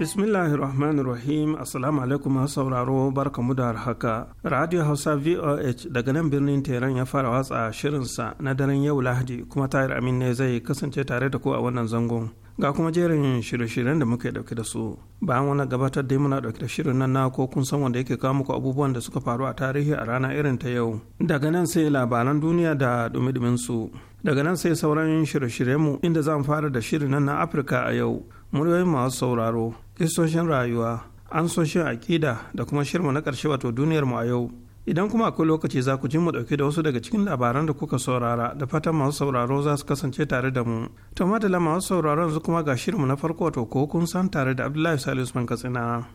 Bismillahirrahmanirrahim Assalamu alaikum masu sauraro barka mu da haka. Radio Hausa VOH daga nan birnin Teran ya fara watsa shirinsa na daren yau Lahadi kuma tayar Amin ne zai kasance tare da ku a wannan zangon. Ga kuma jerin shirye-shiryen da muke dauke da su. Bayan wani gabatar da muna dauke da shirin nan na ko kun san wanda yake kawo muku abubuwan da suka faru a tarihi a rana irin ta yau. Daga nan sai labaran duniya da dumi su. Daga nan sai sauran shirye-shiryenmu inda zan fara da shirin nan na Afirka a yau. Muryoyin masu sauraro kristoshin rayuwa an so shin aƙida da kuma shirma na ƙarshe wato duniyar mu a yau idan kuma akwai lokaci za ku ji mu ɗauke da wasu daga cikin labaran da kuka saurara da fatan masu sauraro za su kasance tare da mu to madala masu sauraro yanzu kuma ga shirinmu na farko wato ko kun san tare da abdullahi salisu usman katsina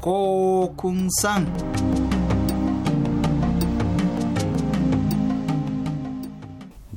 ko kun san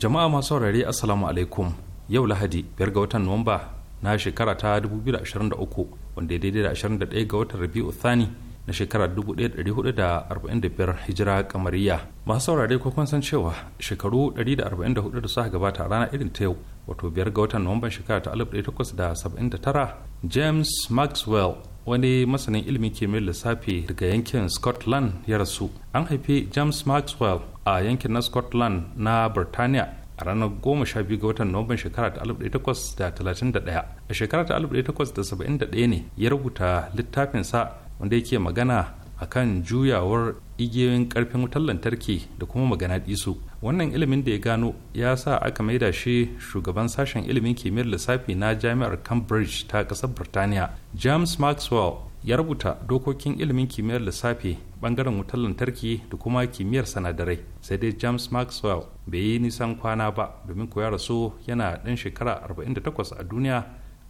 jama'a masu saurare assalamu alaikum yau lahadi biyar ga watan nuwamba na shekara ta 2023 wanda ya daidai da 21 ga watan rabi'u thani na shekara 1445 hijira kamariya masu saurare ko kun san cewa shekaru 144 da suka gabata a rana irin ta yau wato biyar ga watan nuwamban shekara ta 1879 james maxwell wani masanin ilimin kimiyyar lissafi daga yankin scotland ya rasu an haifi james maxwell a yankin na scotland na birtaniya a ranar 12 ga watan nuwamban shekara ta 1831 a shekara ta 1871 ne ya rubuta littafinsa wanda yake magana akan juyawar igiyoyin karfin wutar lantarki da kuma magana disu wannan ilimin da ya gano ya sa aka maida shi shugaban sashen ilimin kimiyyar lissafi na jami'ar cambridge ta ƙasar birtaniya james maxwell ya rubuta dokokin ilimin kimiyyar lissafi bangaren wutar lantarki da kuma kimiyyar sanadarai sai dai james maxwell bai yi nisan kwana ba domin koya rasu yana ɗan shekara 48 a duniya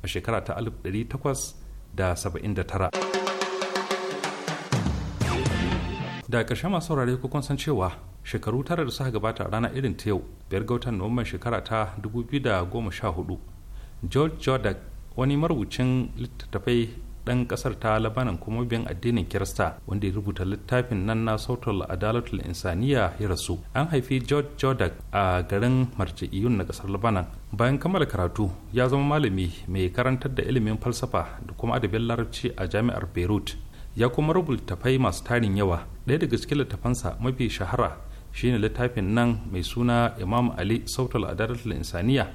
a shekara ta 1879 da ƙarshe masu saurare ko san cewa shekaru tara da suka gabata a rana irin ta yau biyar ga watan nuwamban shekara ta 2014 george jordan wani marubucin littattafai ɗan ƙasar ta labanan kuma biyan addinin kirista wanda ya rubuta littafin nan na sautul adalatul insaniya ya rasu an haifi george jordan a garin iyun na ƙasar labanan bayan kammala karatu ya zama malami mai karantar da ilimin falsafa da kuma adabin larabci a jami'ar beirut ya kuma rubuta fai masu tarin yawa ɗaya daga cikin littafansa mafi shahara shine littafin nan mai suna imam ali sautal adaratul insaniya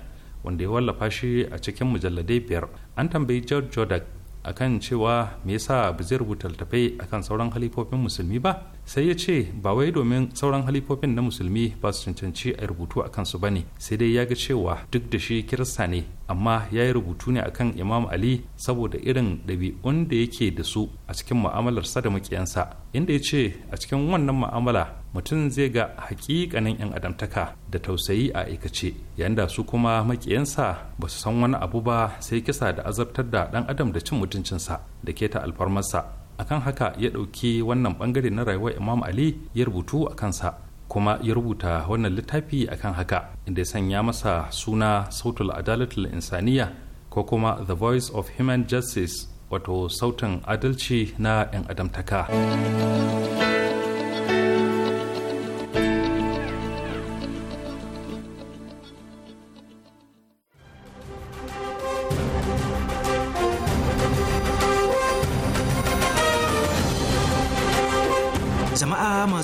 wanda ya wallafa shi a cikin mujalladai biyar an tambayi george jordan akan cewa me yasa ba zai rubuta littafai akan sauran halifofin musulmi ba sai ya ce ba wai domin sauran halifofin na musulmi ba su cancanci a rubutu a kansu ba ne sai dai ya ga cewa duk da shi kirista ne amma ya yi rubutu ne akan imam ali saboda irin ɗabi'un da yake da su a cikin mu'amalarsa da makiyansa inda ya ce a cikin wannan ma'amala mutum zai ga hakikanin 'yan adamtaka da tausayi a aikace yayin da su kuma makiyansa ba su san wani abu ba sai kisa da azabtar da ɗan adam da cin mutuncinsa da keta alfarmarsa akan haka ya ɗauki wannan bangare na rayuwar imam ali ya rubutu a kansa kuma ya rubuta wannan littafi akan haka inda ya sanya masa suna sautul adalatul insaniya ko kuma the voice of human justice wato sautin adalci na 'yan adamtaka.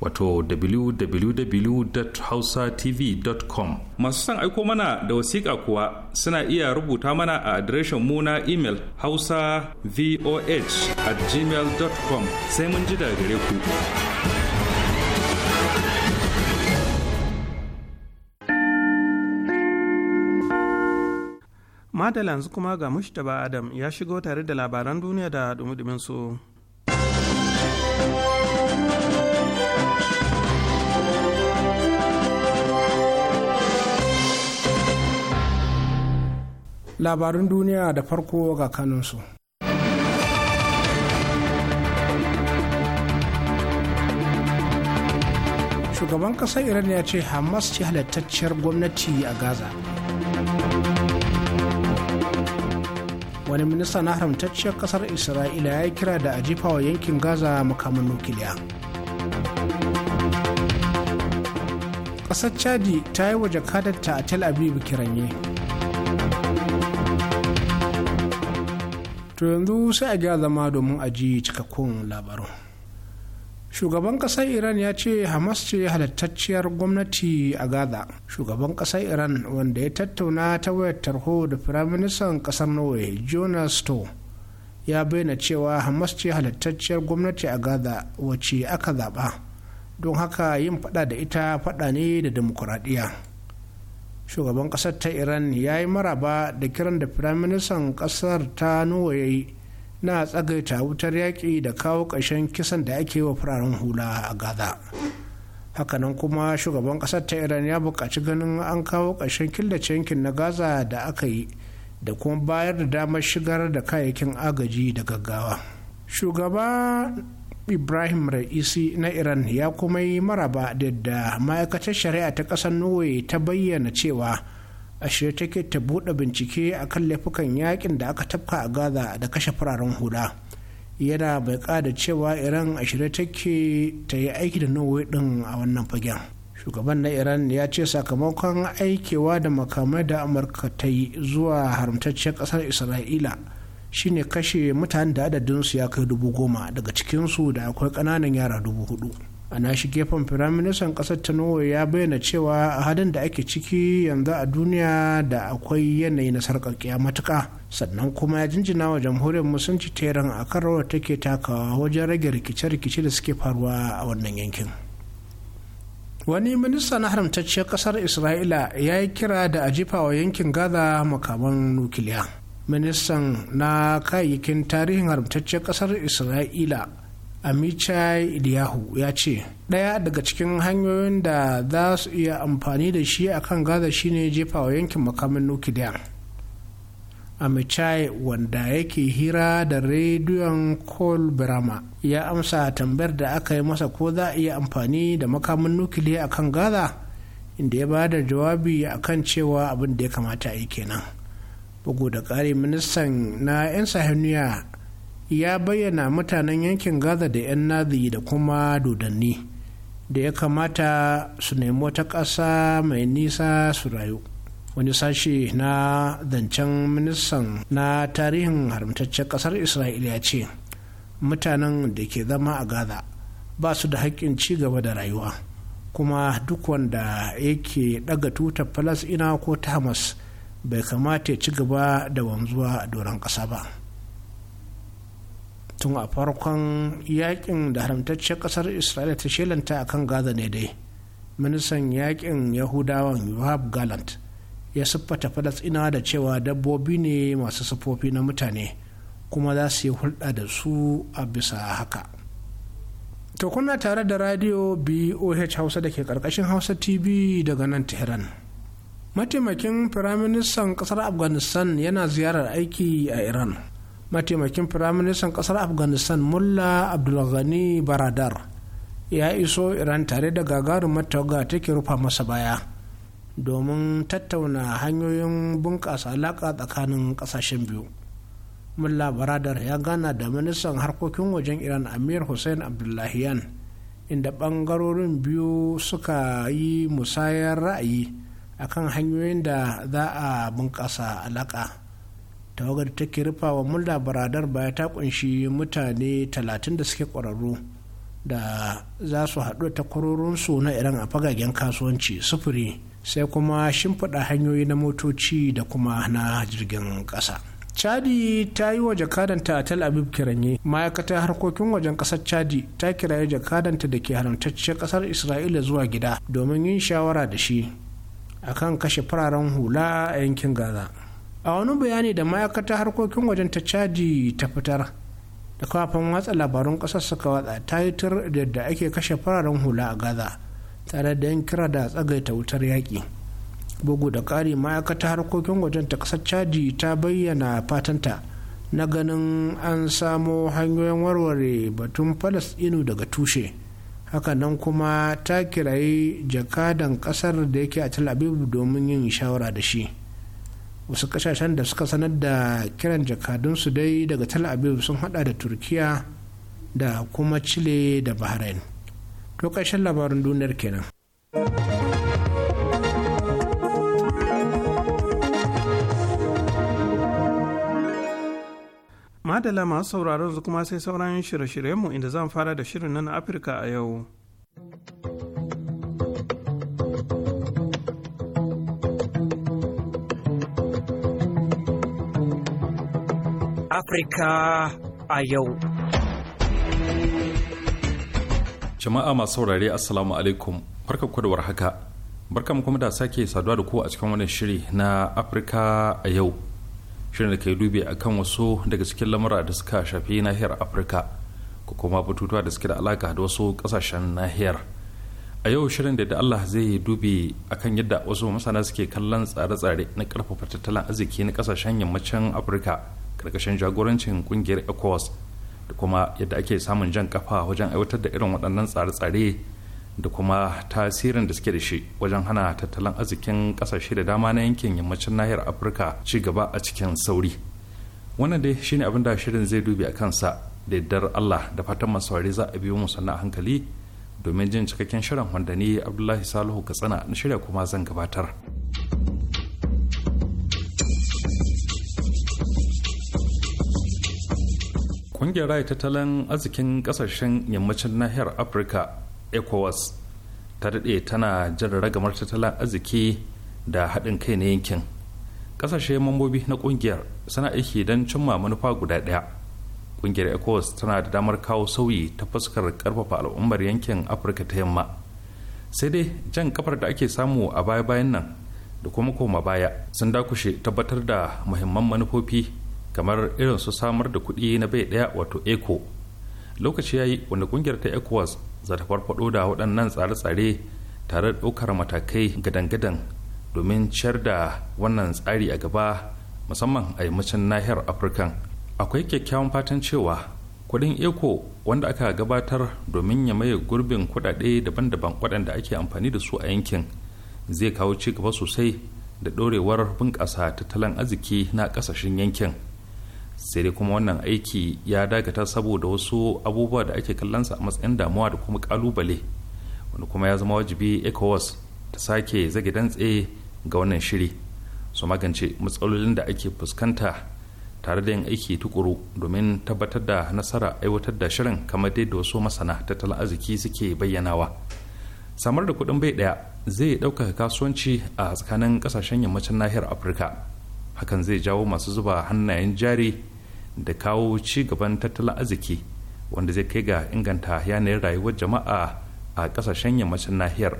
wato www.hausatv.com masu son aiko mana da wasiƙa kuwa suna iya rubuta mana a adireshin mu na imel hausa voh at gmail.com sai mun ji daga gare ku madala yanzu kuma ga mushtaba adam ya shigo tare da labaran duniya da dumi su. labarun duniya da farko ga kanunsu. shugaban ƙasar iran ya ce hamas ce halittacciyar gwamnati a gaza wani minista na haramtacciyar kasar isra'ila ya yi kira da a jefa wa yankin gaza makamin nukiliya Ƙasar chadi ta yi wa jakadarta a tel aviv kiranye to yanzu sai a gya zama domin a ji cikakkun labarun shugaban kasar iran ya ce hamas ce halittacciyar gwamnati a gaza shugaban kasar iran wanda ya tattauna ta wayar tarho da firaministan kasar norway jonas stow ya bayyana cewa hamas ce halittacciyar gwamnati a gaza wacce aka zaba don haka yin fada da ita fada ne da demokuraɗiyya shugaban kasar ta iran ya yi maraba da kiran da firaministan kasar ta nuwa ya yi na tsagaita wutar yaƙi da kawo ƙarshen kisan da ake wa fararen hula a gaza hakanan kuma shugaban kasar ta iran ya buƙaci ganin an kawo ƙarshen killace yankin na gaza da aka yi da kuma bayar da damar shigar da kayayyakin agaji da gaggawa shugaba ibrahim ra'isi na iran ya kuma yi maraba da yadda ma'aikatar shari'a ta ƙasar norway ta bayyana cewa a shirye take ta buɗe bincike a kan laifukan yakin da aka tafka a gaza da kashe fararen hula yana bai da cewa iran a shirye take ta yi aiki da norway ɗin a wannan fagen shugaban na iran ya ce sakamakon aikewa da makamai da amurka ta yi zuwa haramtacciyar ƙasar isra'ila shine kashe mutane da adadinsu ya kai dubu goma daga cikin su da akwai ƙananan yara dubu hudu a nashi gefen firaministan ƙasar ta norway ya bayyana cewa a halin da ake ciki yanzu a duniya da akwai yanayi na sarƙaƙiya matuƙa sannan kuma ya jinjina wa jamhuriyar musulunci teran a kan rawar take takawa wajen rage rikice-rikice da suke faruwa a wannan yankin wani minista na haramtacciyar ƙasar isra'ila ya yi kira da a jifa wa yankin gaza makaman nukiliya ministan na kayayyakin tarihin haramtaccen kasar isra'ila amichai idiyahu ya ce ɗaya daga cikin hanyoyin da za su iya amfani da shi a kan gaza shine jefa wa yankin makamin nukiliya amichai wanda yake hira da rediyon kol brama ya amsa tambayar da aka yi masa ko za a iya amfani da makamin nukiliya a kan gaza inda ya ba da jawabi akan cewa abin da ya kamata a yi kenan bugu da ƙari ministan na 'yan sahaniya ya bayyana mutanen yankin gaza da 'yan nazi da kuma dodanni da ya kamata su nemi wata ƙasa mai nisa su rayu wani sashe na zancen ministan na tarihin haramtaccen ƙasar isra'ila ya ce mutanen da ke zama a gaza ba su da haƙƙin ci gaba da rayuwa kuma duk wanda yake ɗaga tutar falasina ko ta hamas bai kamata ya ci gaba da wanzuwa a doron ƙasa ba tun a farkon yakin da haramtaccen ƙasar isra'ila ta shelanta a kan gaza ne dai ministan yakin yahudawan yohab gallant ya siffata ina da cewa dabbobi ne masu sufofi na mutane kuma za su yi hulɗa da su a bisa haka to kuna tare da radio boh hausa da ke ƙarƙashin hausa tv daga nan tehran mataimakin firaministan kasar afghanistan yana ziyarar aiki a iran mataimakin firaministan kasar afghanistan Mulla abdulghani baradar ya iso iran tare da gagarumar ta take rufa masa baya domin tattauna hanyoyin bunƙasa alaƙa tsakanin ƙasashen biyu Mulla baradar ya gana da ministan harkokin wajen iran amir hussein abdullahiyan inda ɓangarorin biyu suka yi musayar ra'ayi akan hanyoyin da za a bunƙasa alaƙa tawagar ta rufa wa mulla baradar baya ta kunshi mutane talatin da suke ƙwararru da za su haɗu ta kwarorinsu na iran a fagagen kasuwanci sufuri sai kuma shimfiɗa hanyoyi na motoci da kuma na jirgin ƙasa chadi ta yi wa jakadanta a tel aviv kiranye ma'aikatar harkokin wajen ƙasar chadi ta kiraye jakadanta da ke haramtacce ƙasar isra'ila zuwa gida domin yin shawara da shi akan kashe fararen hula a yankin gaza a wani bayani da ma'aikata harkokin wajen ta caji ta fitar da kafin watsa labarun ƙasar suka watsa ta yi tur da ake kashe fararen hula a gaza tare da yan kira da tsagaita wutar yaƙi bugu da ƙari ma'aikata harkokin wajen ta ƙasar caji ta bayyana fatanta na ganin an samo hanyoyin warware batun falas inu daga tushe hakanan kuma ta kirayi jakadan kasar da yake a tel aviv domin yin shawara da shi wasu kasashen da suka sanar da kiran su dai daga tel aviv sun hada da turkiya da kuma chile da bahrain to labarun labarin duniyar kenan. madala masu sauraron su kuma sai sauran shirye-shiryenmu inda zan fara da shirin nan afirka a yau Afirka a yau. Jama'a masu saurare Assalamu alaikum, barka ku da Barka mu kuma da sake saduwa da ku a cikin wannan shiri na Afirka a yau. shirin da kai dubi kan wasu daga cikin lamura da suka shafi nahiyar afirka ko kuma batutuwa da suke da alaka da wasu kasashen nahiyar a yau shirin da da allah zai dubi kan yadda wasu masana suke kallon tsare-tsare na karfafa tattalin arziki na kasashen yammacin afirka karkashin jagorancin kungiyar ecowas da kuma yadda ake samun jan kafa wajen aiwatar da irin waɗannan tsare-tsare da kuma tasirin da suke da shi wajen hana tattalin arzikin kasashe da dama na yankin yammacin nahiyar afirka ci gaba a cikin sauri wannan dai shine abin da shirin zai dubi a kansa da yardar allah da fatan masu za a biyo mu sannan hankali domin jin cikakken shirin wanda ni abdullahi salihu katsina na shirya kuma zan gabatar. ƙungiyar kungiyar tattalin arzikin kasashen yammacin nahiyar afirka ecowas ta daɗe tana jin ragamar tattalin arziki da haɗin kai na yankin ƙasashe mambobi na ƙungiyar suna aiki don cimma manufa guda ɗaya ƙungiyar ecowas tana da damar kawo sauyi ta fuskar ƙarfafa al'ummar yankin afirka ta yamma sai dai jan kafar da ake samu a baya-bayan nan da kuma koma baya sun dakushe tabbatar da muhimman manufofi kamar irin su samar da kuɗi na bai ɗaya wato eco lokaci ya yi wanda kungiyar ta ecowas za ta farfado da waɗannan tsare-tsare tare da ɗaukar matakai gadan-gadan domin ciyar da wannan tsari a gaba musamman a yammacin nahiyar afirka akwai kyakkyawan fatan cewa kudin eco wanda aka gabatar domin ya maye gurbin kudade daban-daban waɗanda ake amfani da su a yankin zai kawo ci gaba sosai da ɗorewar bunƙasa tattalin arziki na ƙasashen yankin sai dai kuma wannan aiki ya dakata saboda wasu abubuwa da ake kallonsa a matsayin damuwa da kuma kalubale wanda kuma ya zama wajibi ecowas ta sake zage dantse ga wannan shiri su magance matsalolin da ake fuskanta tare da yin aiki tukuru domin tabbatar da nasara aiwatar da shirin kamar dai da wasu masana tattalin arziki suke bayyanawa samar da kuɗin bai ɗaya zai ɗaukaka kasuwanci a tsakanin ƙasashen yammacin nahiyar afirka hakan zai jawo masu zuba hannayen jari da kawo ci gaban tattalin arziki wanda zai kai ga inganta yanayin rayuwar jama'a a kasashen yammacin nahiyar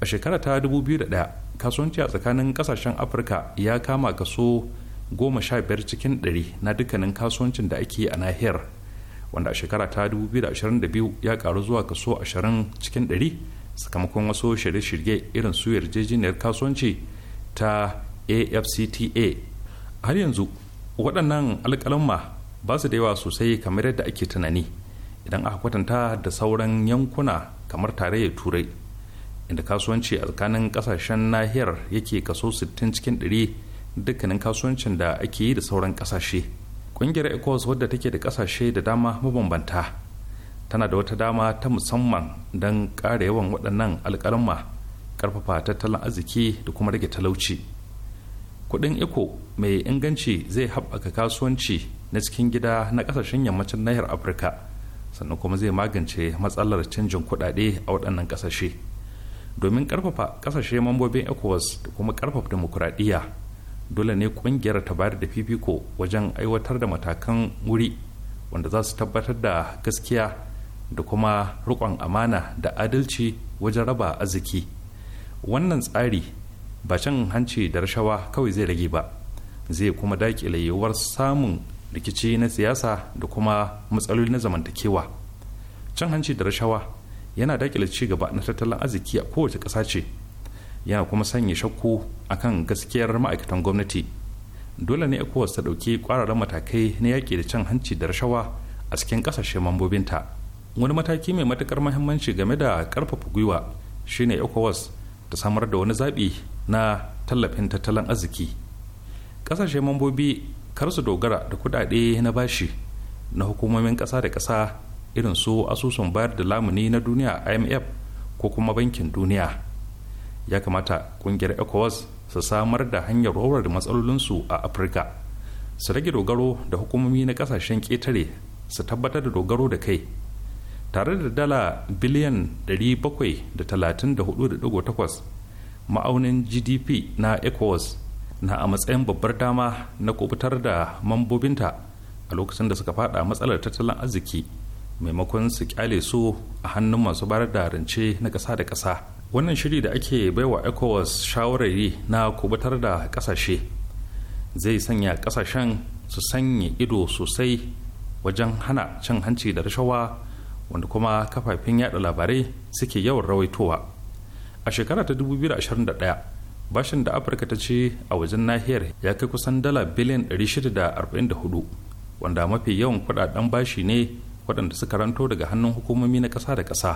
a shekara ta 2001 kasuwanci a tsakanin kasashen afirka ya kama kaso 15 cikin 100 na dukkanin kasuwancin da ake a nahiyar wanda a shekara ta 2022 ya karu zuwa kaso 20 cikin 100 sakamakon wasu shirye-shirye irin su yarjejeniyar kasuwanci ta afcta har yanzu waɗannan alƙalamma ba su da yawa sosai kamar yadda ake tunani idan aka kwatanta da sauran yankuna kamar tarayyar turai inda kasuwanci a tsakanin ƙasashen nahiyar yake kaso 60 cikin 100 dukkanin kasuwancin da ake yi da sauran ƙasashe ƙungiyar ecos wadda take da ƙasashe da dama mabambanta tana da wata dama ta musamman don ƙara yawan waɗannan alƙalma ƙarfafa tattalin arziki da kuma rage talauci kudin iko mai inganci zai haɓaka kasuwanci na cikin gida na ƙasashen yammacin nahiyar afirka sannan kuma zai magance matsalar canjin kuɗaɗe a waɗannan ƙasashe domin ƙarfafa ƙasashe mambobin ecowas da kuma ƙarfafa demokuraɗiyya dole ne ƙungiyar ta bayar da fifiko wajen aiwatar da matakan wuri wanda za su tabbatar da gaskiya da kuma riƙon amana da adalci wajen raba arziki wannan tsari ba cin hanci da rashawa kawai zai rage ba zai kuma daƙile yiwuwar samun rikici na siyasa da kuma matsaloli na zamantakewa cin hanci da rashawa yana daƙile ci gaba na tattalin arziki a kowace ƙasa ce yana kuma sanya shakku akan gaskiyar ma'aikatan gwamnati dole ne ecowas ta ɗauki ƙwararren matakai na yaƙi da cin hanci da rashawa a cikin ƙasashe mambobinta wani mataki mai matuƙar muhimmanci game da ƙarfafa gwiwa shine ecowas ta samar da wani zaɓi na tallafin tattalin arziki ƙasashe mambobi kar su dogara da kuɗaɗe na bashi na hukumomin ƙasa da ƙasa irin su asusun bayar da lamuni na duniya imf ko kuma bankin duniya ya kamata ƙungiyar ecowas su samar da hanyar horar da matsalolinsu a afirka su rage dogaro da hukumomi na ƙasashen ƙetare su tabbatar da dogaro da kai tare da dala biliyan 734.8 ma'aunin gdp na ecowas na a matsayin babbar dama na kubutar da mambobinta a lokacin da suka fada matsalar tattalin arziki maimakon su kyale su a hannun masu bayar da rance na ƙasa da ƙasa wannan shiri da ake baiwa ecowas shawarari na kubutar da ƙasashe zai sanya ƙasashen su sanya ido sosai wajen hana cin hanci da rashawa wanda kuma kafafen yada labarai suke yawan rawaitowa a shekara ta 2021 bashin da afirka ta ce a wajen nahiyar ya kai kusan dala biliyan 644 wanda mafi yawan kudaden bashi ne waɗanda suka ranto daga hannun hukumomi na ƙasa da kasa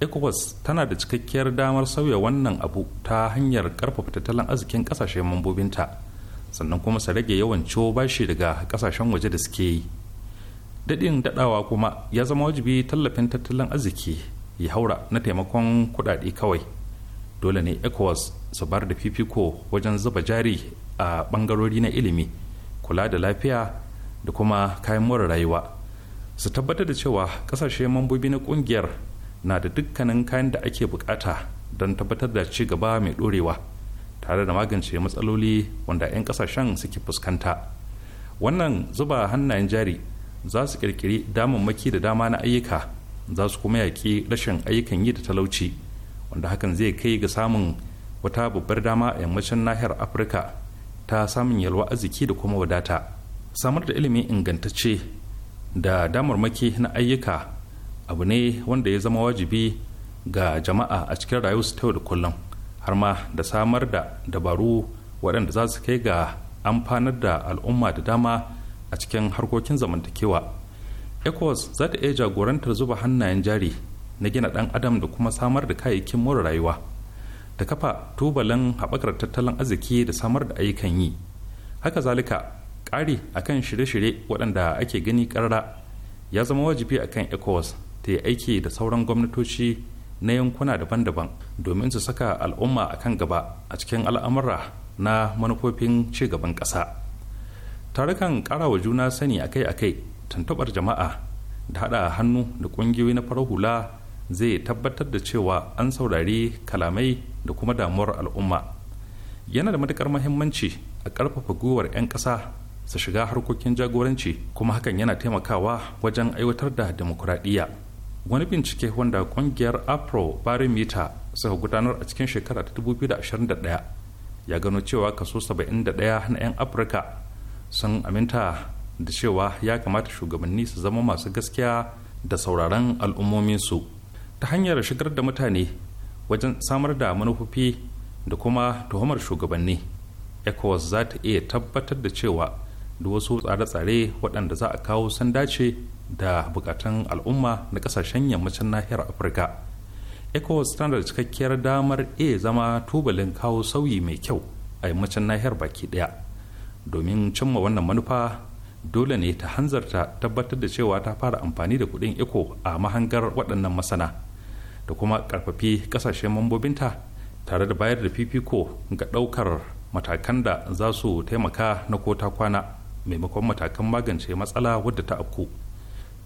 ecowas tana da cikakkiyar damar sauya wannan abu ta hanyar karfafa tattalin arzikin ƙasashen mambobinta sannan kuma su rage yawan ciwo bashi daga kasashen waje da suke yi daɗin daɗawa kuma ya zama wajibi tallafin tattalin arziki ya haura na taimakon kuɗaɗe kawai dole ne ecowas su bar da fifiko wajen zuba jari a bangarori na ilimi kula da lafiya da kuma kayan more rayuwa su tabbatar da cewa kasashe mambobi na kungiyar na da dukkanin kayan da ake bukata don tabbatar da ci gaba mai dorewa tare da magance matsaloli wanda 'yan kasashen suke fuskanta wannan zuba hannayen jari za su kirkiri damammaki da dama na ayyuka za su kuma yaƙi rashin ayyukan yi da talauci wanda hakan zai kai ga samun wata babbar dama a yammacin nahiyar afirka ta samun yalwa arziki da kuma wadata samar da ilimin ingantacce da damarmaki na ayyuka abu ne wanda ya zama wajibi ga jama'a a cikin rayuwarsu ta yau da kullum har ma da samar da dabaru waɗanda za su kai ga amfanar da al'umma da dama a cikin harkokin zamantakewa ecowas za ta iya jagorantar zuba hannayen jari na gina ɗan adam da kuma samar da kayayyakin more rayuwa da kafa tubalin haɓakar tattalin arziki da samar da ayyukan yi haka zalika ƙari akan shirye-shirye waɗanda ake gani ƙarara ya zama wajibi akan ecowas ta yi aiki da sauran gwamnatoci na yankuna daban-daban domin su saka al'umma a kan gaba a cikin al'amura na manufofin ci gaban ƙasa tarukan ƙara wa juna sani akai-akai tuntuɓar jama'a da haɗa hannu da ƙungiyoyi na farar hula zai tabbatar da cewa an saurari kalamai da kuma damuwar al'umma yana da matukar muhimmanci a ƙarfafa gwiwar 'yan ƙasa su shiga harkokin jagoranci kuma hakan yana taimakawa wajen aiwatar da demokuraɗiyya wani bincike wanda ƙungiyar afro barometer suka gudanar a cikin shekara ta 2021 ya gano cewa kaso 71 na 'yan afirka sun aminta da cewa ya kamata shugabanni su zama masu gaskiya da sauraron su. ta hanyar shigar da mutane wajen samar da manufofi da kuma tuhumar shugabanni ecowas za ta iya tabbatar da cewa da wasu tsare-tsare waɗanda za a kawo sun dace da bukatun al'umma na ƙasashen yammacin nahiyar afirka ecowas tana da cikakkiyar damar iya zama tubalin kawo sauyi mai kyau a yammacin nahiyar baki ɗaya domin cimma wannan manufa dole ne ta hanzarta tabbatar da cewa ta fara amfani da kuɗin iko a mahangar waɗannan masana da kuma ƙarfafi ƙasashen mambobinta tare da bayar da fifiko ga ɗaukar matakan da za su taimaka na ko ta kwana maimakon matakan magance matsala wadda ta afku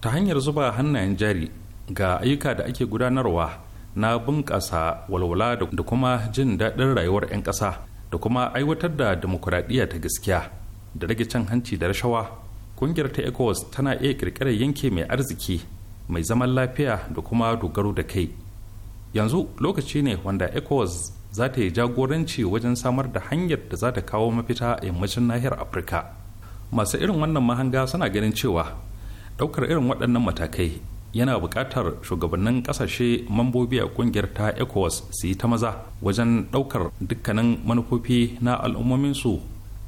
ta hanyar zuba hannayen jari ga ayyuka da ake gudanarwa na bunƙasa walwala da kuma jin daɗin rayuwar 'yan ƙasa da kuma aiwatar da dimokuraɗiyya ta gaskiya da rage cin hanci da rashawa kungiyar ta ecowas tana iya kirkirar yanke mai arziki mai zaman lafiya da kuma dogaro da kai yanzu lokaci ne wanda ecowas za ta yi jagoranci wajen samar da hanyar da za ta kawo mafita a yammacin nahiyar afirka masu irin wannan mahanga suna ganin cewa daukar irin waɗannan matakai yana buƙatar shugabannin ƙasashe mambobi a ƙungiyar ta ecowas su yi ta maza wajen ɗaukar dukkanin manufofi na al'ummominsu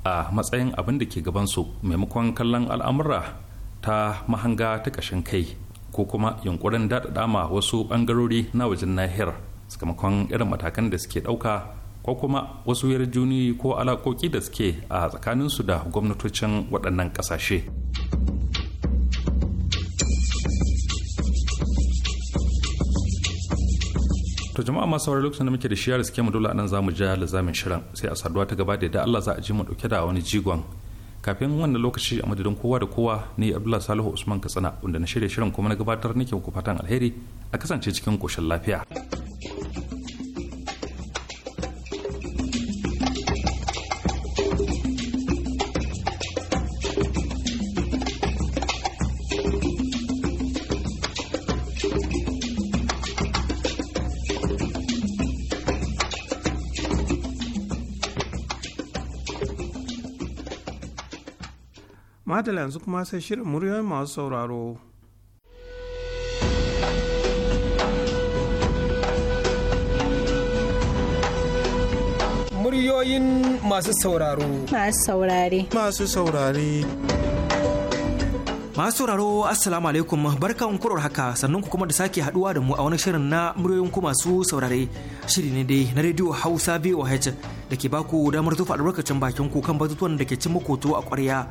a matsayin abin da ke gabansu maimakon kallon al'amura ta mahanga ta ƙashin kai ko kuma yunkurin daɗaɗa ma wasu ɓangarori na wajen nahiyar sakamakon irin matakan da suke ɗauka ko kuma wasu yarjuni ko alaƙoƙi da suke a tsakaninsu da gwamnatocin waɗannan ƙasashe. to jama'a masu saurari lokacin da muke da shiyar suke mu dole anan zamu ja lazamin shirin sai a saduwa ta gaba da yadda Allah za a ji mu dauke da wani jigon kafin wannan lokaci a madadin kowa da kowa ne Abdullahi Salihu Usman Katsina wanda na shirya shirin kuma na gabatar nake ku fatan alheri a kasance cikin koshin lafiya. madala yanzu kuma sai shirin muryoyin masu sauraro muryoyin masu sauraro masu saurare masu saurare masu sauraro assalamu alaikum barkan kurar haka sannan ku kuma da sake haduwa da mu a wani shirin na muryoyin ku masu saurare shiri ne dai na rediyo hausa voh da ke baku damar tufa albarkacin bakin ku kan batutuwan da ke cin makoto a kwarya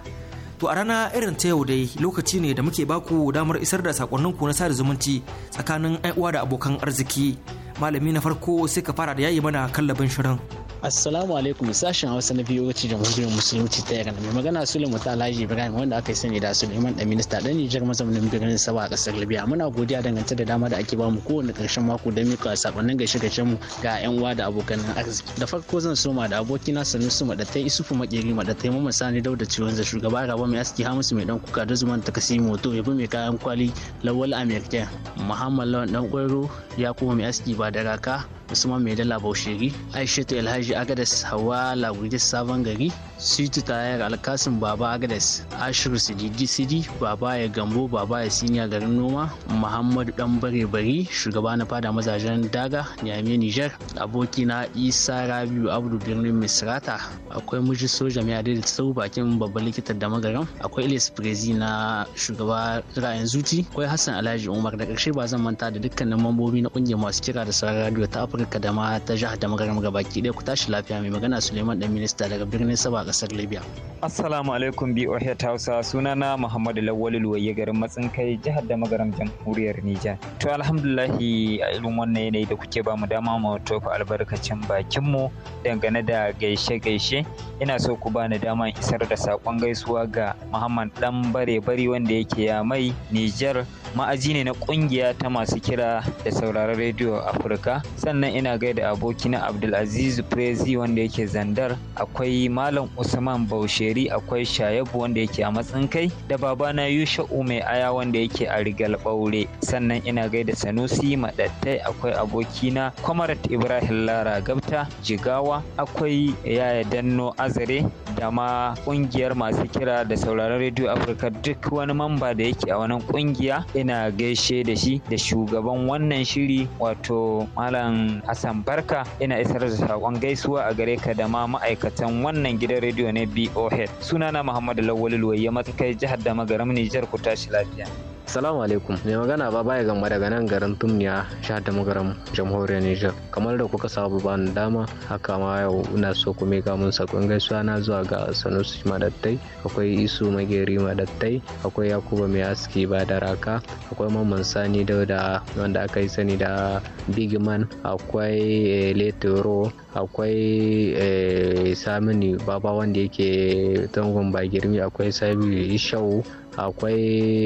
To a rana irin ta yau dai lokaci ne da muke baku damar isar da sakonnin ku na sada zumunci tsakanin uwa da abokan arziki. Malami na farko sai ka fara da yayi mana kallabin shirin. assalamu alaikum sashen hausa na biyu wacce jamhuriyar musulunci ta yaga mai magana sulaimu ta alhaji ibrahim wanda aka yi sani da suleiman da minista dan nijar mazaunin birnin saba a kasar libya muna godiya dangance da dama da ake bamu kowane karshen mako da mika sakonnin gaishe gaishe mu ga yan uwa da abokan arziki da farko zan soma da aboki abokina sanusu madatai isufu makeri madatai mamman sani da ciwon zai shugaba raba mai aski hamisu mai dan kuka da zuman ta kasi moto ya bi mai kayan kwali lawal amerika muhammad lawan dan kwaro ya kuma mai aski ba da raka usman mai dala bausheri aishatu alhaji agadas hawa lagudis sabon gari situ tayar alkasin baba agadas ashiru sididi sidi baba ya gambo baba ya siniya garin noma muhammadu dan bare bari shugaba na fada mazajen daga niamey niger aboki na isa rabiu abdu birnin misrata akwai muji soja mai adai da sau bakin babban likitar da magaram akwai ilis prezi na shugaba ra'ayin zuci akwai hassan alhaji umar da karshe ba zan manta da dukkanin mambobi na kungiyar masu kira da sauran radio ta afirka afirka da ma ta jihar da magaram baki ɗaya ku tashi lafiya mai magana suleiman dan minista daga birnin saba a ƙasar libya assalamu alaikum boh hausa sunana muhammadu lawal luwaye garin matsin kai jihar da magaram jamhuriyar nijar to alhamdulahi a irin wannan yanayi da kuke ba mu dama mu tofa albarkacin bakin mu dangane da gaishe gaishe ina so ku bani dama isar da sakon gaisuwa ga muhammad dan bare bari wanda yake ya mai nijar ma'aji ne na kungiya ta masu kira da sauraron rediyo afirka sannan sannan ina gaida abokina abdulaziz prezi wanda yake zandar akwai malam usman bausheri akwai shayabu wanda yake a matsin kai da babana yusha'u mai aya wanda yake a rigal baure sannan ina gaida sanusi maɗattai akwai abokina kwamarat ibrahim lara gabta jigawa akwai yaya danno azare da ma ƙungiyar masu kira da sauraron rediyo afirka duk wani mamba da yake a wannan ƙungiya ina gaishe da shi da shugaban wannan shiri wato malam Hassan Barka ina isar da saƙon gaisuwa a gare ka da ma ma'aikatan wannan gidan rediyo na BOH. Sunana Muhammadu Lawal Luwayya matakai jihar da magaram Nijar ku tashi lafiya. Salamu alaikum. Mai magana ba baya gamba daga nan garin Tumniya sha da magaram jamhuriyar Nijar. Kamar da kuka sabu ba ni dama haka ma yau ina so ku mika mun sakon gaisuwa na zuwa ga Sanusi Madattai, akwai Isu Mageri Madattai, akwai Yakuba Mai Aski raka akwai Mamman Sani Dauda wanda aka yi sani da Big Man, akwai eh, Letoro, akwai eh, Samini Baba wanda yake tangon Bagirmi, akwai Sabiu Ishau, akwai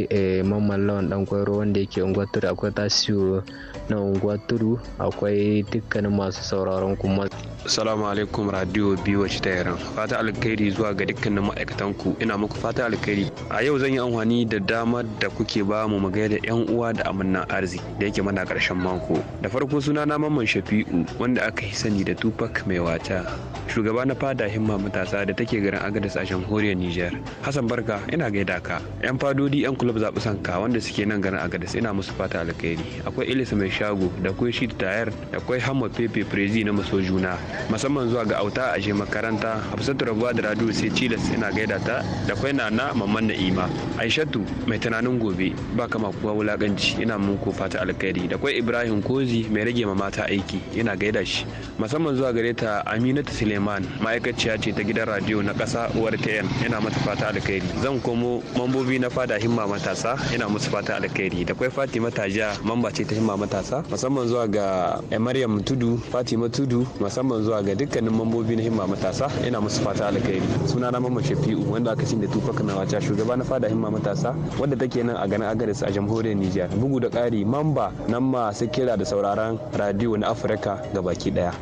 eh, mamman lawan dan kwairo wanda yake unguwar akwai tasiro na unguwa tudu akwai dukkanin masu sauraron kuma Salamu alaikum radio biyu ta yaran. Fata alkhairi zuwa ga dukkanin ma'aikatan ku ina muku fata alkhairi. A yau zan yi amfani da damar da kuke ba mu magana da yan uwa da amanna arziki da yake mana karshen mako. Da farko suna na Mamman Shafi'u wanda aka yi sani da Tupac mai wata. Shugaba na fada himma matasa da take garin agadas a jamhuriyar Nijar. Hassan Barka ina gaida ka. Yan fadodi yan kulub zaɓi sanka wanda suke nan garin agadas ina musu fata alkhairi. Akwai ilisa mai shago da kwai shi tayar da kwai hamma pepe prezi na maso juna musamman zuwa ga auta a makaranta hafsatu rabuwa da radio sai cilas ina gaida ta da kwai nana mamman na'ima aishatu mai tunanin gobe ba kama kuwa wulakanci ina muku fata alkhairi da kwai ibrahim kozi mai rage ma mata aiki ina gaida shi musamman zuwa gare ta aminatu suleiman ma'aikaciya ce ta gidan radio na ƙasa uwar yan yana mata fata alkhairi zan komo mambobi na fada himma matasa yana musu fata alkhairi da kwai fatima taja mamba ce ta himma matasa matasa musamman zuwa ga maryam tudu fatima tudu musamman zuwa ga dukkanin mambobi na himma matasa ina musu fata alkhairi suna na mamman shafi'u wanda aka cin da tupac shugaba na fada himma matasa wanda take nan a ganin agaris a jamhuriyar nijar bugu da ƙari mamba nan masu kira da sauraron radiyo na afirka gabaki daya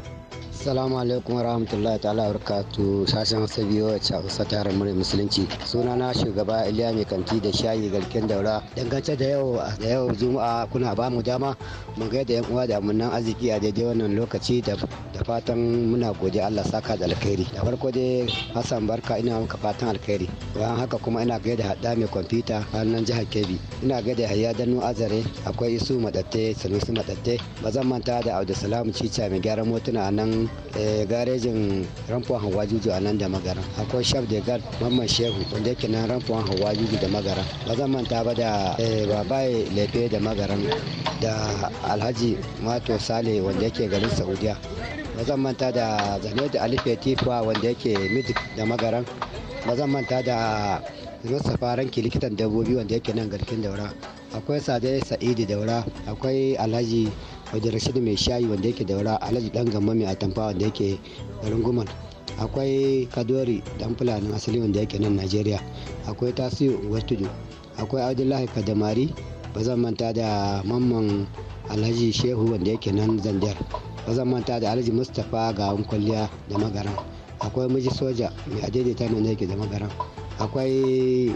Assalamu alaikum warahmatullahi ta'ala barkatu sashen Hausa biyu cikin Hausa ta haramurai musulunci. Sunana shugaba Iliya mai kanti da shayi Galken daura. Dangance da yau da yau Juma'a kuna ba mu dama mu ga da yan uwa da amannan arziki a daidai wannan lokaci da fatan muna gode Allah saka da alkhairi. Da farko dai Hassan barka ina maka fatan alkhairi. Bayan haka kuma ina da hada mai kwamfuta Hannan nan jihar Kebbi. Ina gaida Hayya Danu Azare akwai Isu Madatte Sanusi Madatte. Ba zan manta da Abdulsalam Cica mai gyaran motuna nan Eh, garejin ramfon hawa juju a nan da magara akwai shaf de gad mamman shehu wanda yake nan ramfon hawa juju da magara ba zan manta ba da eh, babaye lebe da magaran da alhaji mato sale wanda yake garin saudiya ba zan manta da zane da alife tifa wanda yake midik da magaran ba zan manta da mustapha ranki likitan dabbobi wanda yake nan garkin daura akwai sade sa'idi daura akwai alhaji wajen rashidu mai shayi wanda yake daura alhaji dan gamma mai atamfa wanda yake garin gumal akwai kadori dan fulani asali wanda yake nan najeriya akwai tasiu wastudu akwai abdullahi kadamari ba zan manta da mamman alhaji shehu wanda yake nan zanjar ba zan manta da alhaji mustapha ga kwalliya da magaran akwai miji soja mai adaidaita wanda yake da magaran akwai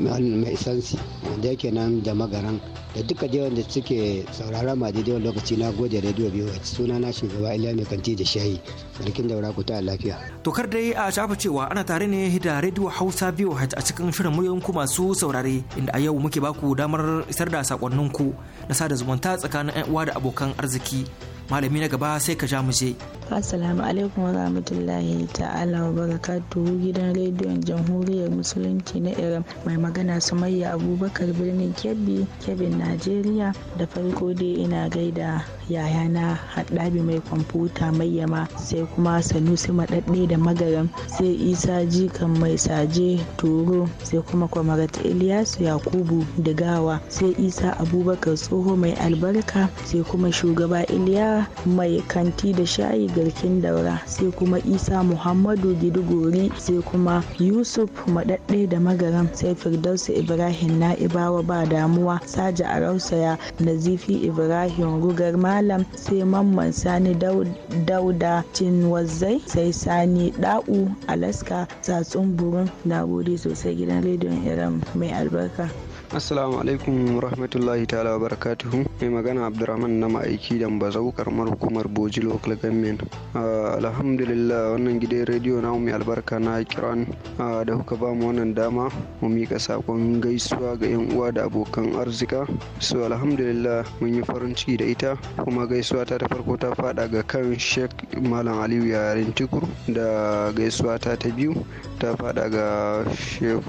malam mai sansi wanda yake nan da magaran da duka jewan da suke sauraron ma daidai lokaci na gode rediyo biyu suna na shugaba iliya mai kanti da shayi sarkin daura ku ta lafiya. Tokar dai a shafa cewa ana tare ne da Radio Hausa VOH a cikin shirin muryoyin ku masu saurare inda a yau muke baku damar isar da sakonnin ku na sada zumunta tsakanin ƴan uwa da abokan arziki. Malami na gaba sai ka ja mu je. Assalamu alaikum wa rahmatullahi ta'ala wa barakatuhu gidan rediyon jamhuriyar musulunci na Iran mai magana su Sumayya Abubakar birnin Kebbi, Kebbin Najeriya da farko dai ina gaida yayana haɗabi mai kwamfuta mayyama sai kuma sanusi maɗaɗɗe da magaran. sai isa jikan mai saje toro sai kuma kwamarat ilyasu yakubu digawa sai isa abubakar tsoho mai albarka sai kuma shugaba iliya mai kanti da shayi garkin daura sai kuma isa muhammadu gidigori sai kuma yusuf maɗaɗɗe da magaran. sai firdausu ibrahim na'ibawa ba damuwa saja arausaya nazifi ibrahim rugar malam sai mamman sani dauda cin Wazzai sai Sani Da'u Alaska Tsatsun Burin. Na gode sosai gidan rediyon Iran mai albarka. assalamu alaikum rahmatullahi ta'ala barakatuhu mai magana abdurrahman na ma'aiki da bazau karamar hukumar boji local government ah, alhamdulillah wannan gidan rediyo na mai albarka na kiran ah, da kuka ba mu wannan dama mu mika sakon gaisuwa ga yan uwa da abokan arzika so alhamdulillah mun yi farin ciki da ita kuma gaisuwa ta farko ta fada ga kan sheikh malam aliyu yaren tukur da gaisuwa ta ta biyu ta fada ga sheikh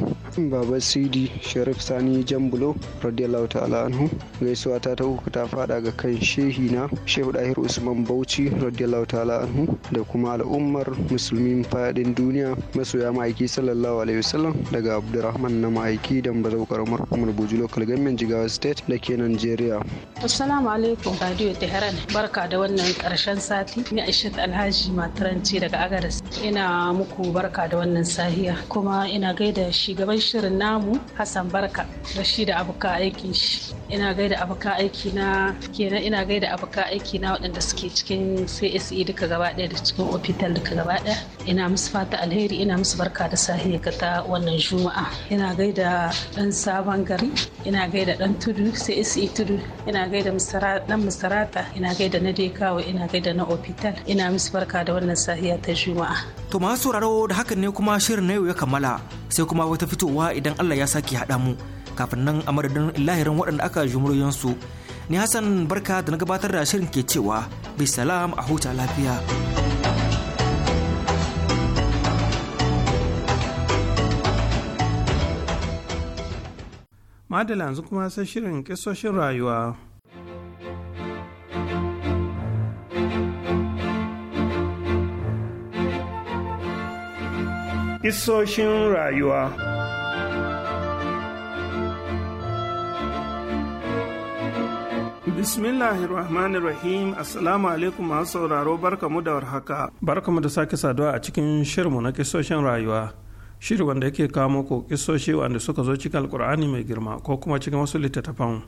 baba sidi sharif sani jan bulo radiyallahu ta'ala anhu gaisuwa ta ta uku ta fada ga kan shehi na shehu dahir usman bauchi radiyallahu ta'ala anhu da kuma al'ummar musulmi fadin duniya masoya ma'aiki sallallahu alaihi wasallam daga abdurrahman na ma'aiki dan bazau karamar hukumar buju local government jigawa state da ke nigeria assalamu alaikum radio tehran barka da wannan karshen sati ni aishat alhaji matranci daga agadas ina muku barka da wannan sahiya kuma ina gaida shugaban shirin namu hassan barka da shi da abokan aikin shi ina gaida abokan aiki na kenan ina gaida abokan aiki na waɗanda suke cikin CSE duka gaba ɗaya da cikin ofital duka gaba ɗaya ina musu fata alheri ina musu barka da sahiya ka ta wannan juma'a ina gaida ɗan sabon gari ina gaida ɗan tudu CSE tudu ina gaida ɗan musarata ina gaida na dekawa ina gaida na ofital ina musu barka da wannan sahiya ta juma'a. To masu sauraro da hakan ne kuma shirin na yau ya kammala sai kuma wata fitowa idan Allah ya sake haɗa mu. kafin nan a madadin lahirin waɗanda aka jumuriyansu ni hassan barka da na gabatar da shirin ke cewa bisalam a huta lafiya madala yanzu kuma sai shirin kisoshin rayuwa isoshin rayuwa Bismillahirrahmanirrahim Assalamu alaikum masu sauraro barkamu da warhaka. Barkamu da sake saduwa a cikin shirinmu na kisoshin rayuwa. Shiri wanda yake kamo ko kisoshi wanda suka zo cikin alkur'ani mai girma ko kuma cikin wasu littattafan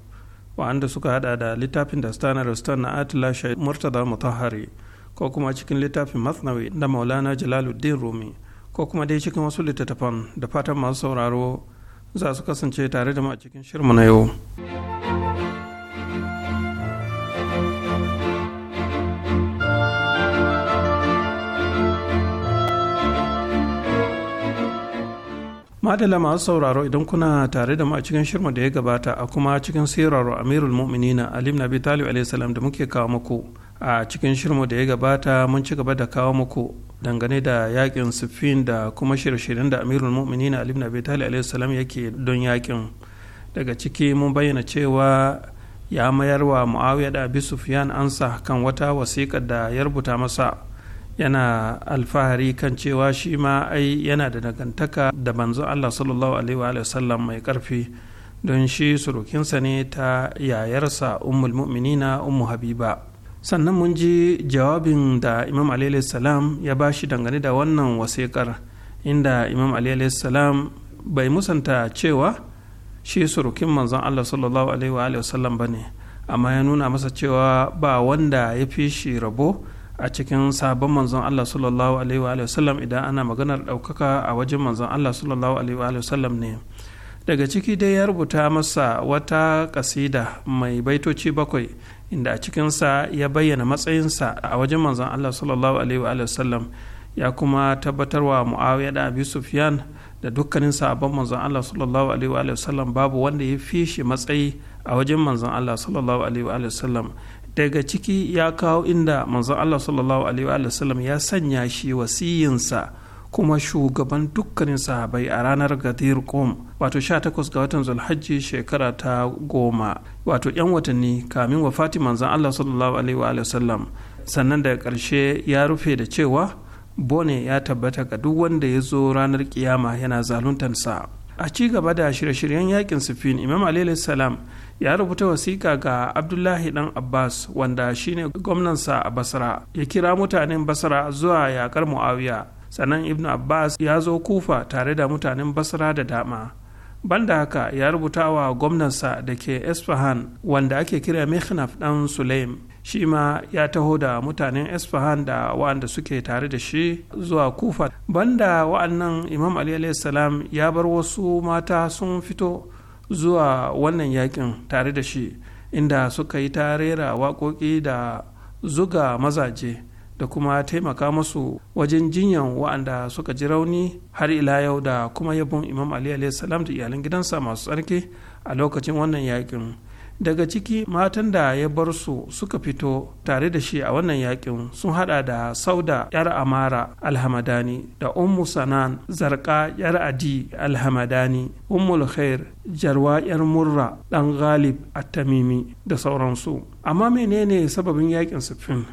wanda suka hada da littafin da stana rustan na atila shahid murtada mutahari ko kuma cikin littafin masnawi da maulana jalaluddin rumi ko kuma dai cikin wasu littattafan da fatan masu sauraro za su kasance tare da mu a cikin shirmu na yau. madala masu sauraro idan kuna tare da mu a cikin shirma da ya gabata a kuma cikin siraro amirul mu'minina alim nabi talib alaihi salam da muke kawo muku a cikin shirma da ya gabata mun ci gaba da kawo muku dangane da yakin siffin da kuma shirye-shiryen da amirul mu'minina alim nabi talib alaihi salam yake don yakin daga ciki mun bayyana cewa ya mayar wa muawiya da abi sufyan ansa kan wata wasiƙa da ya rubuta masa yana alfahari kan cewa shi ma ai yana da dangantaka da manzo Allah sallallahu alaihi wa sallam mai karfi don shi surukinsa ne ta yayarsa ummul mu'minina ummu habiba sannan mun ji jawabin da imam alaihi salam ya ba shi dangane da wannan wasikar inda imam alaihi salam bai musanta cewa shi surukin manzon Allah sallallahu alaihi wa sallam bane amma ya nuna masa cewa ba wanda ya fi shi rabo a cikin sabon manzon Allah sallallahu alaihi wa sallam idan ana maganar ɗaukaka a wajen manzon Allah sallallahu alaihi wa sallam ne daga ciki dai ya rubuta masa wata kasida mai baitoci bakwai inda a cikinsa ya bayyana matsayinsa a wajen manzon Allah sallallahu alaihi wa sallam ya kuma tabbatarwa muawiya da abi sufyan da dukkanin sabon manzon Allah sallallahu alaihi wa sallam babu wanda ya fi shi matsayi a wajen manzon Allah sallallahu alaihi wa sallam daga ciki ya kawo inda manzon Allah sallallahu alaihi wa ya sanya shi wasiyinsa kuma shugaban dukkanin sahabai a ranar gadir kom wato 18 ga watan zulhajji shekara ta goma wato 'yan watanni kamin wa fati manzon allah sallallahu alaihi wa sannan daga ƙarshe ya rufe da cewa bone ya tabbata ga duk wanda ya zo ranar kiyama yana zaluntansa a ci gaba da shirye-shiryen yakin sifin imam alaihi salam ya rubuta wasiƙa ga abdullahi dan abbas wanda shine gwamnansa a basra ya kira mutanen basra zuwa yakar muawiya sannan ibn abbas ya zo kufa tare da mutanen basra da dama banda haka ya rubuta wa gwamnansa da ke isfahan wanda ake kira mihnaf dan sulaim shi ma ya taho da mutanen isfahan da wa'anda suke tare da shi zuwa kufa banda wa'annan imam ali salam ya bar wasu mata sun fito zuwa wannan yakin tare da shi inda suka yi ta rera waƙoƙi da zuga mazaje da kuma taimaka masu wajen jinyan wa'anda suka ji rauni har ila yau da kuma yabon imam ali salam da iyalan gidansa masu tsarki a lokacin wannan yakin daga ciki matan da ya bar su suka fito tare da shi a wannan yakin sun hada da sauda yar amara alhamadani da ummu sanan zarka yar adi alhamadani ummul khair jarwa yar murra dan galib at-tamimi da sauransu amma menene sababin yakin Sifin?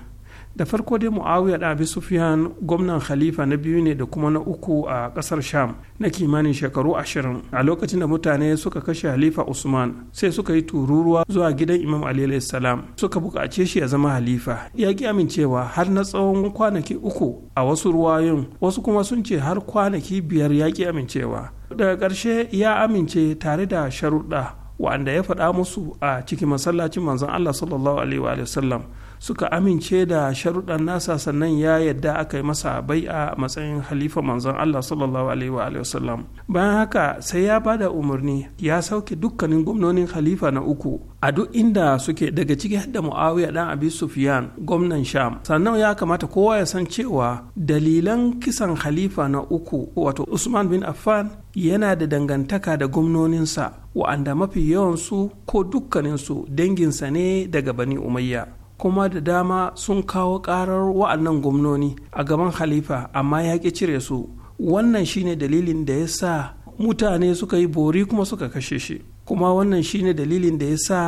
da farko dai muawiya da abi sufyan gwamnan khalifa na biyu ne da kuma na uku a kasar sham na kimanin shekaru ashirin a lokacin da mutane suka kashe halifa usman sai suka yi tururuwa zuwa gidan imam ali salam suka buƙace shi ya zama halifa ya ki amincewa har na tsawon kwanaki uku a wasu ruwayin wasu kuma sun ce har kwanaki biyar ya ki amincewa daga ƙarshe ya amince tare da sharuɗa wa'anda ya faɗa musu a cikin masallacin manzon Allah sallallahu alaihi wa sallam suka amince da sharuɗan nasa sannan ya yadda aka yi masa bai a matsayin halifa manzon Allah sallallahu alaihi wa wasallam bayan haka sai ya bada umarni ya sauke dukkanin gwamnonin halifa na uku a duk inda suke daga ciki da Muawiya dan Abi Sufyan gwamnan Sham sannan ya kamata kowa ya san cewa dalilan kisan halifa na uku wato Usman bin Affan yana da dangantaka da gwamnoninsa wa'anda mafi yawansu ko dukkaninsu danginsa ne daga Bani Umayya kuma da dama sun kawo karar wa'annan gwamnoni a gaban halifa amma ya ƙi cire su wannan shine dalilin da ya sa mutane suka yi bori kuma suka kashe shi kuma wannan shine dalilin da ya sa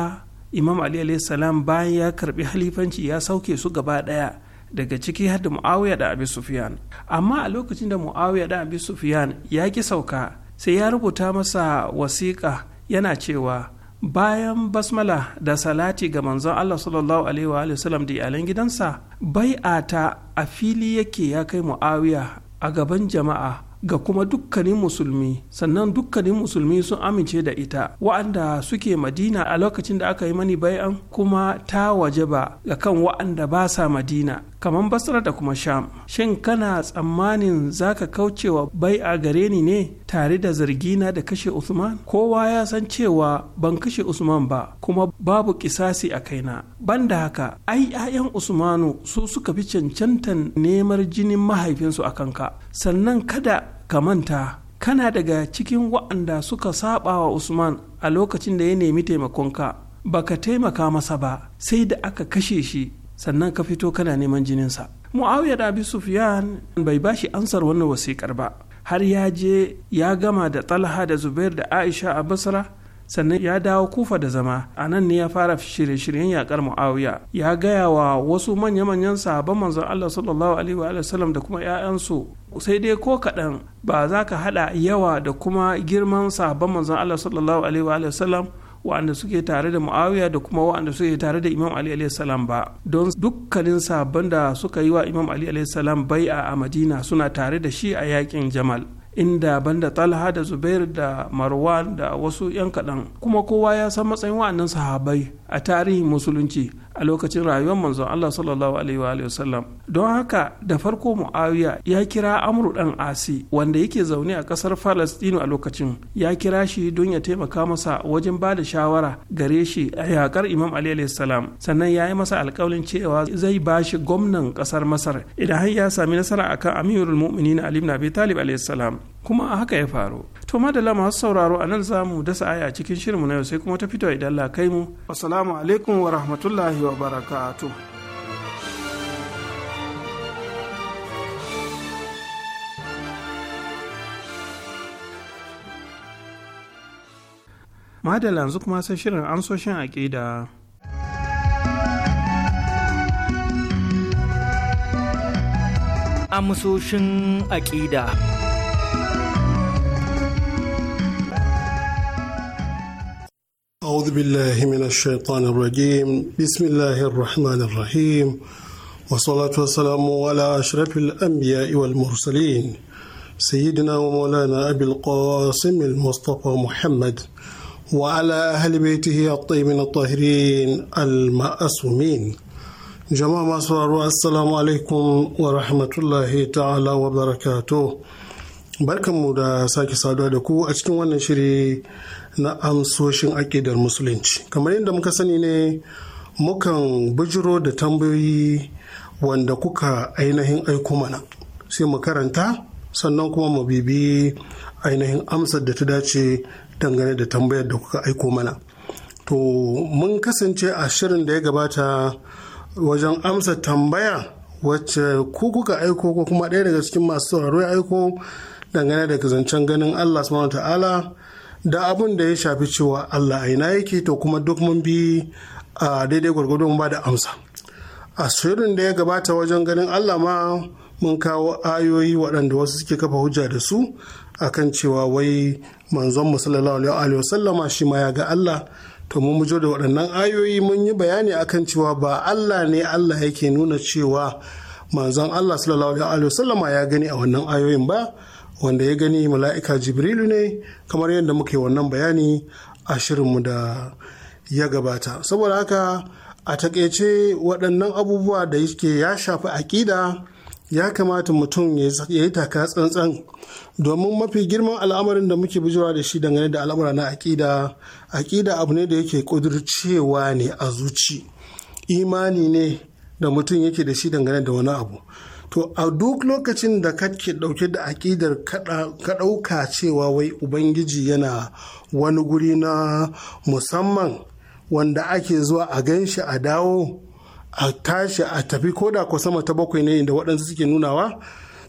imam ali salam bayan ya karbi halifanci ya sauke su gaba daya daga ciki har da muawiya da abi sufyan amma a lokacin da muawiya da abi sufyan ya ki sauka sai ya rubuta masa wasiƙa yana cewa bayan basmala da salati ga manzon Allah sallallahu alaihi wa sallam da iyalan gidansa bai'ata a fili yake ya kai muawiya a gaban jama'a ga kuma dukkanin musulmi sannan dukkanin musulmi sun amince da ita wa'anda suke madina a lokacin da aka yi mani bayan kuma ta waje ba ga kan wa'anda ba sa madina kamar basra da kuma sham shin kana tsammanin zaka kaucewa bai a gare ni ne tare da zargina da kashe usman kowa ya san cewa ban kashe usman ba kuma babu kisasi a kaina banda haka ai 'ya'yan usmanu su suka fi cancantan nemar jinin mahaifinsu a kanka sannan kada ka manta kana daga cikin wa'anda suka saba wa usman a lokacin da ya nemi taimakonka baka taimaka masa ba sai da aka kashe shi sannan ka fito kana neman jininsa muawiya da abi sufyan bai bashi ansar wannan wasikar ba har ya je ya gama da talha da zubair da aisha a basra sannan ya dawo kufa da zama a nan ne ya fara shirye-shiryen yakar muawiya ya gaya wa wasu manya-manyan sahabban manzon allah sallallahu alaihi wa sallam da kuma 'ya'yansu sai dai ko kaɗan ba za ka haɗa yawa da kuma girman sahabban manzon allah sallallahu alaihi wa sallam waɗanda suke tare da muawiya da kuma waɗanda suke tare da imam ali alayhi salam ba don dukkanin sabon da suka yi wa imam ali alayhi salam bai'a a madina suna tare da shi a yakin jamal inda banda talha da zubair da marwan da wasu 'yan kaɗan kuma kowa ya san matsayin wa'annan sahabai a tarihin musulunci a lokacin rayuwar manzon Allah sallallahu alaihi wa wasallam don haka da farko Muawiya ya kira Amru dan Asi wanda yake zaune a kasar Falastinu a lokacin ya kira shi don ya taimaka masa wajen ba da shawara gare shi a yakar Imam Ali alaihi salam sannan ya yi masa alkawalin cewa zai ba shi gwamnan kasar Masar idan har ya sami nasara akan Amirul Mu'minin Ali ibn Abi Talib alaihi salam kuma a haka ya faru to madalla masu sauraro a nan za mu dasa aya cikin shirinmu na yau sai kuma ta fito idan lakai kai mu assalamu alaikum wa rahmatullahi wa barakatuh madalla yanzu kuma sai shirin amsoshin aƙida. amsoshin aƙida أعوذ بالله من الشيطان الرجيم بسم الله الرحمن الرحيم والصلاة والسلام على أشرف الأنبياء والمرسلين سيدنا ومولانا أبي القاسم المصطفى محمد وعلى أهل بيته الطيبين الطاهرين المأسومين جماعة مصر السلام عليكم ورحمة الله تعالى وبركاته barkanmu da sake saduwa da ku a cikin wannan shiri na amsoshin aƙidar musulunci kamar yadda muka sani ne mukan bijiro da tambayoyi wanda kuka ainihin aiko mana sai mu karanta sannan kuma mu bibi ainihin amsar da ta dace dangane da tambayar da kuka aiko mana to mun kasance a shirin da ya gabata wajen amsa tambaya wacce ku kuka aiko ko kuma ɗaya daga cikin masu sauraro ya aiko dangane da zancen ganin allah subhanahu da abin da ya shafi cewa Allah a ina yake to kuma duk mun bi a daidai gwargwado mun ba da amsa a shirin da ya gabata wajen ganin Allah ma mun kawo ayoyi waɗanda wasu suke kafa hujja da su akan cewa wai manzon mu sallallahu alaihi wasallama shi ma ya ga Allah to mun mujo da waɗannan ayoyi mun yi bayani akan cewa ba Allah ne Allah yake nuna cewa manzon Allah sallallahu alaihi wasallama ya gani a wannan ayoyin ba wanda ya gani mala'ika jibrilu ne kamar yadda muke wannan bayani a shirinmu da ya gabata saboda haka a takaice waɗannan abubuwa da yake ya shafi aƙida ya kamata mutum ya yi taka tsantsan domin mafi girman al'amarin da muke bijira da shi dangane da al'amura na aƙida aƙida abu ne da yake ƙudurcewa ne a zuci imani ne da mutum yake da shi dangane da wani abu to a duk lokacin da kake ɗauke da aƙidar ka ɗauka cewa wai ubangiji yana wani guri na musamman wanda ake zuwa a gan shi a dawo a tashi a tafi ko da ko sama ta bakwai ne da waɗansu suke nunawa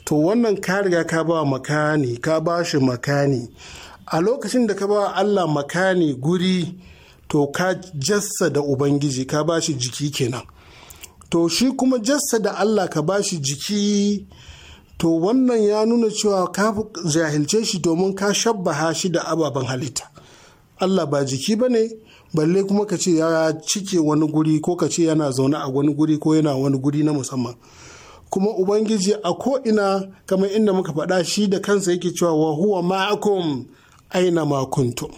to wannan ka riga ka ba makani ka ba shi makani a lokacin da ka ba allah makani guri to ka jassa da ubangiji ka ba shi jiki kenan to shi kuma da Allah ka bashi jiki to wannan ya nuna cewa ka jahilce shi domin ka shabbaha shi da ababen halitta Allah ba jiki ba ne balle kuma ka ce ya cike wani guri ko ka ce yana zaune a wani guri ko yana wani guri na musamman kuma ubangiji a ko'ina kamar inda muka faɗa shi da kansa yake cewa wa huwa ma'akum aina ma kuntum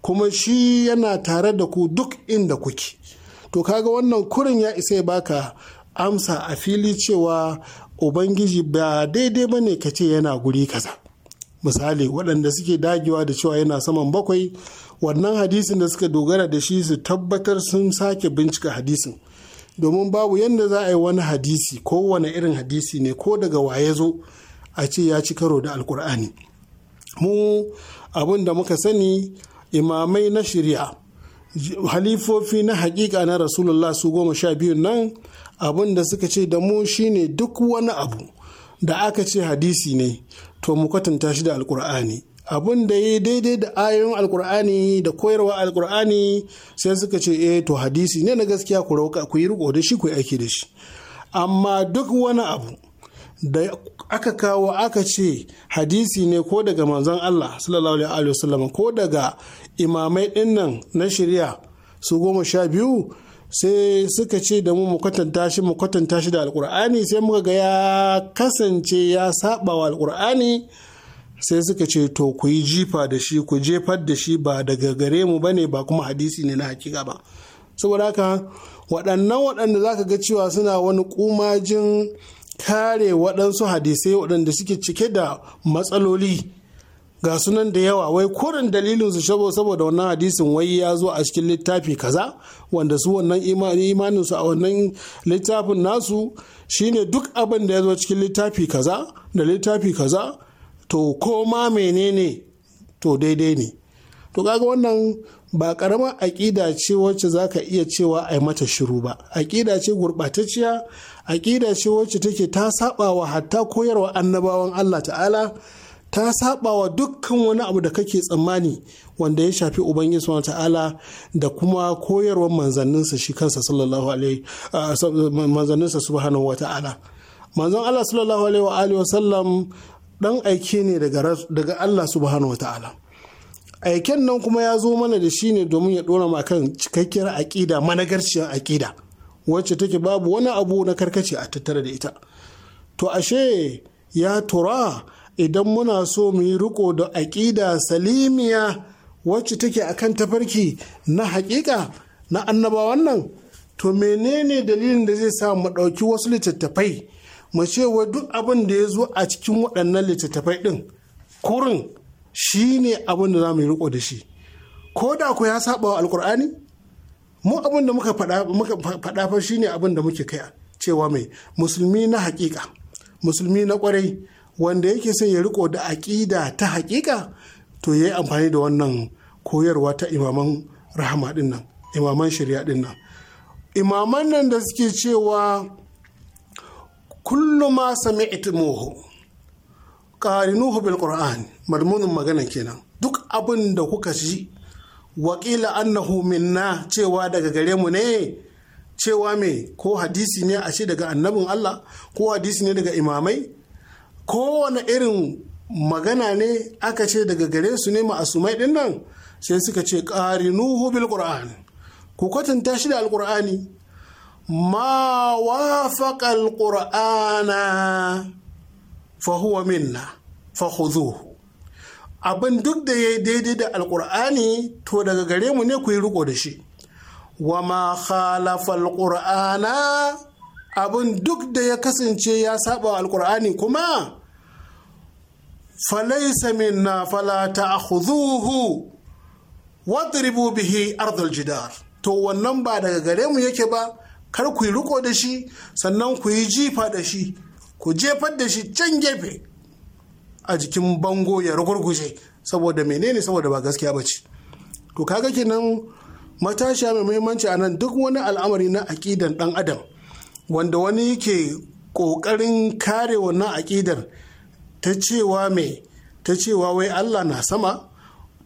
kuma shi yana tare da ku duk inda kuke to kaga wannan kurin ya isa ya baka amsa a fili cewa ubangiji ba daidai ba ne ka ce yana guri kaza misali waɗanda suke dagewa da cewa yana saman bakwai wannan hadisin da suka dogara da shi su tabbatar sun sake bincika hadisin domin babu yadda za a yi wani hadisi ko wani irin hadisi ne ko daga waye zo a ce ya ci karo da alkur'ani mu abin da muka sani imamai na shari'a halifofi na hakika na rasulullah su goma sha biyu nan abin da suka ce da mu shine duk wani abu da aka ce hadisi ne to mu kwatanta shi da alkur'ani abin da ya daidai da ayoyin alkur'ani da koyarwa alkur'ani sai suka ce eh to hadisi ne na gaskiya ku rauka ku yi riko da shi ku yi aiki da shi amma duk wani abu da aka kawo aka ce hadisi ne ko daga manzon Allah sallallahu alaihi wasallam ko daga imamai ɗinnan na shirya su goma sha biyu sai suka ce da mu mu kwatanta shi mu kwatanta shi da alkur'ani sai muka ga ya kasance ya saba wa alkur'ani sai suka ce to ku yi jifa da shi ku jefar da shi ba daga gare mu ne ba kuma hadisi ne na hakika ba saboda haka waɗannan waɗanda za ka ga cewa suna wani kumajin kare waɗansu hadisai waɗanda suke cike da matsaloli ga sunan da yawa wai koren dalilin su shabo saboda wannan hadisin wai ya zo a cikin littafi kaza wanda su wannan imanin su a wannan littafin nasu shine duk abin da ya zo cikin littafi kaza da littafi kaza to ko ma menene to daidai ne to kaga wannan ba karamar aƙida ce wacce za ka iya cewa a mata shiru ba aƙida ce gurɓatacciya aƙida ce wacce take ta sabawa hatta koyarwa annabawan allah ta'ala ta saba wa dukkan wani abu da kake tsammani wanda ya shafi ubangiji wa ta'ala da kuma koyarwar manzanninsa shi kansa sallallahu alaihi manzanninsa subhanahu wa ta'ala manzon Allah sallallahu alaihi wa alihi wa sallam dan aike ne daga daga Allah subhanahu wa ta'ala aiken nan kuma ya zo mana da shi ne domin ya dora ma kan cikakkiyar aƙida managarciyar aƙida wacce take babu wani abu na karkace a tattare da ita to ashe ya tura idan muna so mu yi riko da aƙida salimiya wacce take kan tafarki na haƙiƙa na annabawan nan to menene dalilin da zai sa mu ɗauki wasu littattafai mu ce wa duk abin da ya zo a cikin waɗannan littattafai ɗin kurin shi ne abin da za mu yi riko da shi ko da ku ya saba wa alkur'ani mu abin da muka faɗa fa shi ne abin da muke kai cewa mai musulmi na haƙiƙa musulmi na ƙwarai wanda yake son ya riko da aƙida ta haƙiƙa to ya yi amfani da wannan koyarwa ta imaman rahama dinnan, nan imaman shirya dinnan. imaman nan da suke cewa kullum ma sami'tumuhu nuhu bil qur'an madmunin magana kenan duk abin da kuka ji wakila annahu minna cewa daga gare mu ne cewa me ko hadisi ne a ce daga annabin Allah ko hadisi ne daga imamai kowane irin magana ne aka ce daga gare su ne ma'asumai din nan sai suka ce nuhu bil qur'an ku kwatanta shi da alƙur'ani ma wafaqa alqur'ana fa minna fa abin duk da yayi daidai da alƙur'ani to daga gare mu ne ku yi riko da shi wa ma khalafa alƙur'ana abin duk da ya kasance ya saba alkur'ani kuma falaisa minna fala ta'khudhuhu wadribu bihi ardal jidar to wannan ba daga gare mu yake ba kar ku yi riko da shi sannan ku yi jifa da shi ku jefar da shi can gefe a jikin bango ya rugurguje saboda menene saboda ba gaskiya ba ce to kaga kenan matashiya mai muhimmanci a nan duk wani al'amari na aƙidan ɗan adam wanda wani yake ƙoƙarin kare wannan aƙidar ta cewa mai ta cewa wai Allah na sama